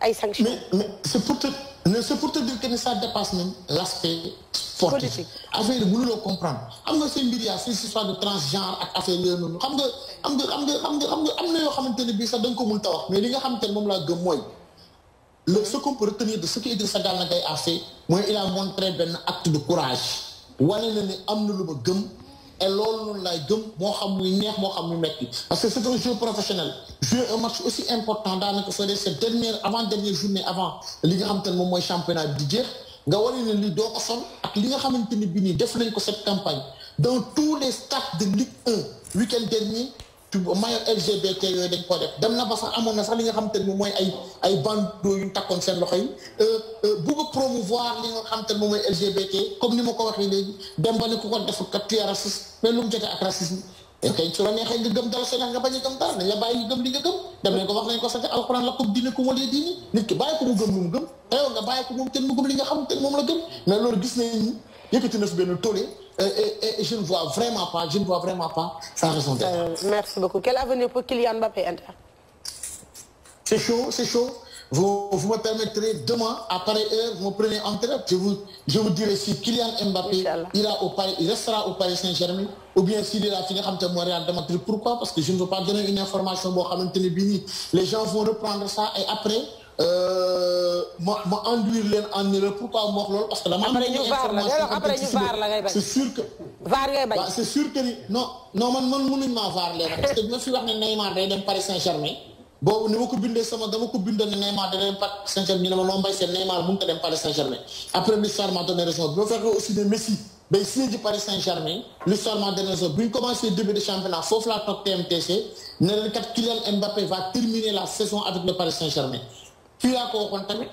ay sanctions. mais mais c'est pour te c'est pour te dire que ça dépasse même l'aspect sportif. politique affaire yi mënuloo comprendre. am nga seen mbir yaa seen histoire de transgenre ak affaire yooyu noonu xam nga am nga am nga am nga am nga am na yoo xamante ne sax da ko mën ta wax mais li nga xamante mom la laa gëm mooy. le ce qu'on peut retenir de ce que Idrissa Gana Gueye a fait mooy il a montré ben acte de courage wane na ne am na lu ma gëm et loolu noonu laay gëm moo xam muy neex moo xam muy metti parce que c'est un jeu professionnel Je un match aussi important dans soo dee cette dernière avant dernière journée avant li nga xam te championnat de di jeex nga wane ne li doo ko sol ak li nga xamante ni bi def nañ ko cette campagne dans tous les stades de Ligue 1 week-end dernier tubu LGBT yooyu dañ ko def dem na ba sax amoon na sax li nga xam te ne mooy ay ay bandeau takkoon seen loxo yi euh, euh, bëgg a promouvoir li nga xam te ne moom mooy LGBT comme ni ma ko ne ku ko tu es su moom kenn mu gëm li nga xam te moom la gëm mais loolu benn tool Et, je ne vois vraiment pas, je ne vois vraiment pas sa raison d'être. Euh, merci beaucoup. Quel avenir pour Kylian Mbappé C'est chaud, c'est chaud. Vous, vous, me permettrez demain, à Paris, vous me prenez en tête, je vous, je vous dirai si Kylian Mbappé il restera au Paris Saint-Germain ou bien s'il est à finir à Montréal de Pourquoi Parce que je ne veux pas donner une information, les gens vont reprendre ça et après, euh, ma enduire en pourquoi parce que c'est sûr que c'est sûr que non non man man mënuñ non non parce que non Neymar Paris Saint-Germain boobu ni ma ko sama dama ko Neymar Paris Saint-Germain ma Paris Saint-Germain après l'histoire m'a donné raison bi aussi ne Messi Paris Saint-Germain m'a donné raison commencé début de championnat TMTC ne Mbappé va terminer la saison avec le Paris Saint-Germain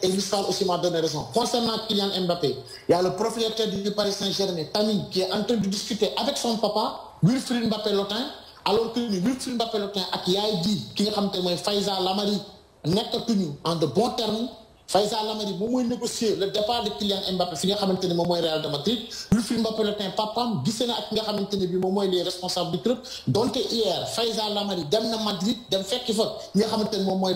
et l'histoire aussi m'a donné raison. Concernant Kylian Mbappé, il y a le propriétaire du Paris Saint-Germain, Tamine, qui est en train de discuter avec son papa, Wilfried Mbappé Lotin, alors que Wilfried Mbappé Lotin, qui a dit, qui est Faiza Lamari, n'est en de bons termes, Faïsa Lamari moom mooy négocier le départ de Kylian Mbappé fi nga xamante ne moy Real de Madrid lu fi Mbappé le temps papam gisee ak nga xamante bi moom moy les responsables du club donté hier Faïsa Lamari dem na Madrid dem fekki fa nga xamante ne moy mooy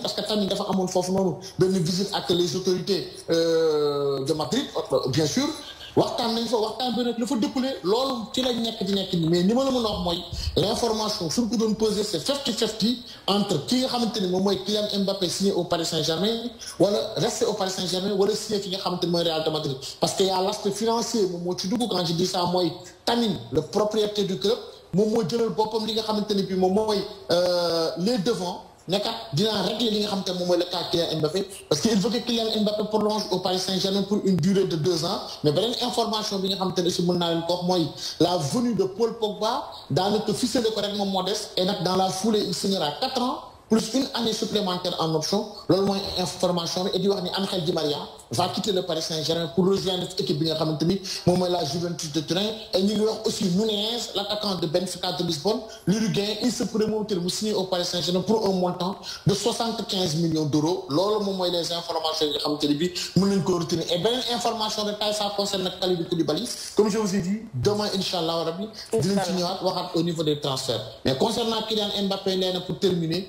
parce que Tamim dafa amone foofu nonou benn visite ak les autorités euh, de Madrid euh, bien sûr waxtaan nañ fa waxtaan bi nag la fa dëppale loolu ci la nekk di nekk ni mais ni ma la mën a wax mooy l'information suñ ko doon poser c'est fifty fifty entre ki nga xamante ni moom mooy Kylian Mbappé signé au Paris Saint-Germain wala rester au Paris Saint-Germain wala signé fi nga xamante ni mooy Real de Madrid parce que y a l'aspect financier moom moo ci dugg quand je dis ça mooy Tamin le propriétaire du club moom moo jëlal boppam li nga xamante ni bi moom mooy euh, les devants ne dina régler li nga xam tane moom mooy le cas Mbappé parce que il faut que Kylian Mbappé prolonge au Paris Saint-Germain pour une durée de deux ans mais beneen information bi nga xam tane ne si mën naa leen ko wax mooy la venue de Paul Pogba daanaka ficelé ko rek moom moo des et nag dans la foulée il signera quatre ans plus une année supplémentaire en option L'information information et Di Maria va quitter le Paris Saint-Germain pour rejoindre l'équipe de la Juventus de Turin et nous avons aussi Nunez l'attaquant de Benfica de Lisbonne l'Uruguay, il se pourrait signer au Paris Saint-Germain pour un montant de 75 millions d'euros loolu le moment les informations yi nga et bien, l'information de taille ça concerne du balis, comme je vous ai dit demain Inch'Allah, on rabi dinañ au niveau des transferts mais concernant Kylian Mbappé pour terminer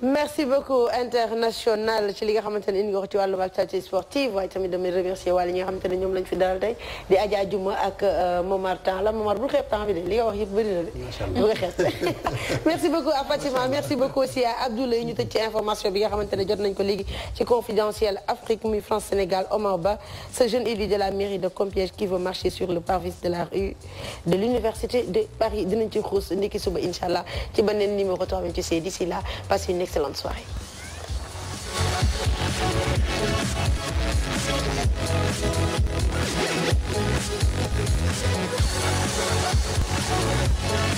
merci beaucoup international ci li nga xamante ne indi nga ko ci wàllum actualité sportive waaye tamit damay remercier waa li nga xamante ne ñoom lañ fi dalal tey di Adja Juma ak euh, Momar Temps la Momar bul xeeb temps bi de li nga wax yëpp bëri na de. macha allah <laughs> merci beaucoup à Fatima merci beaucoup aussi à Abdoulaye ñu tëj ci information bi nga xamante ne jot nañ ko léegi ci confidentiel Afrique muy France Sénégal Omar Ba ce jeune élu de la mairie de Compiègne qui veut marcher sur le parvis de la rue de l'université de Paris dinañ ci xuus ndiki suba incha allah ci beneen numéro 326 d'ici là passez excellente soirée. Thank you.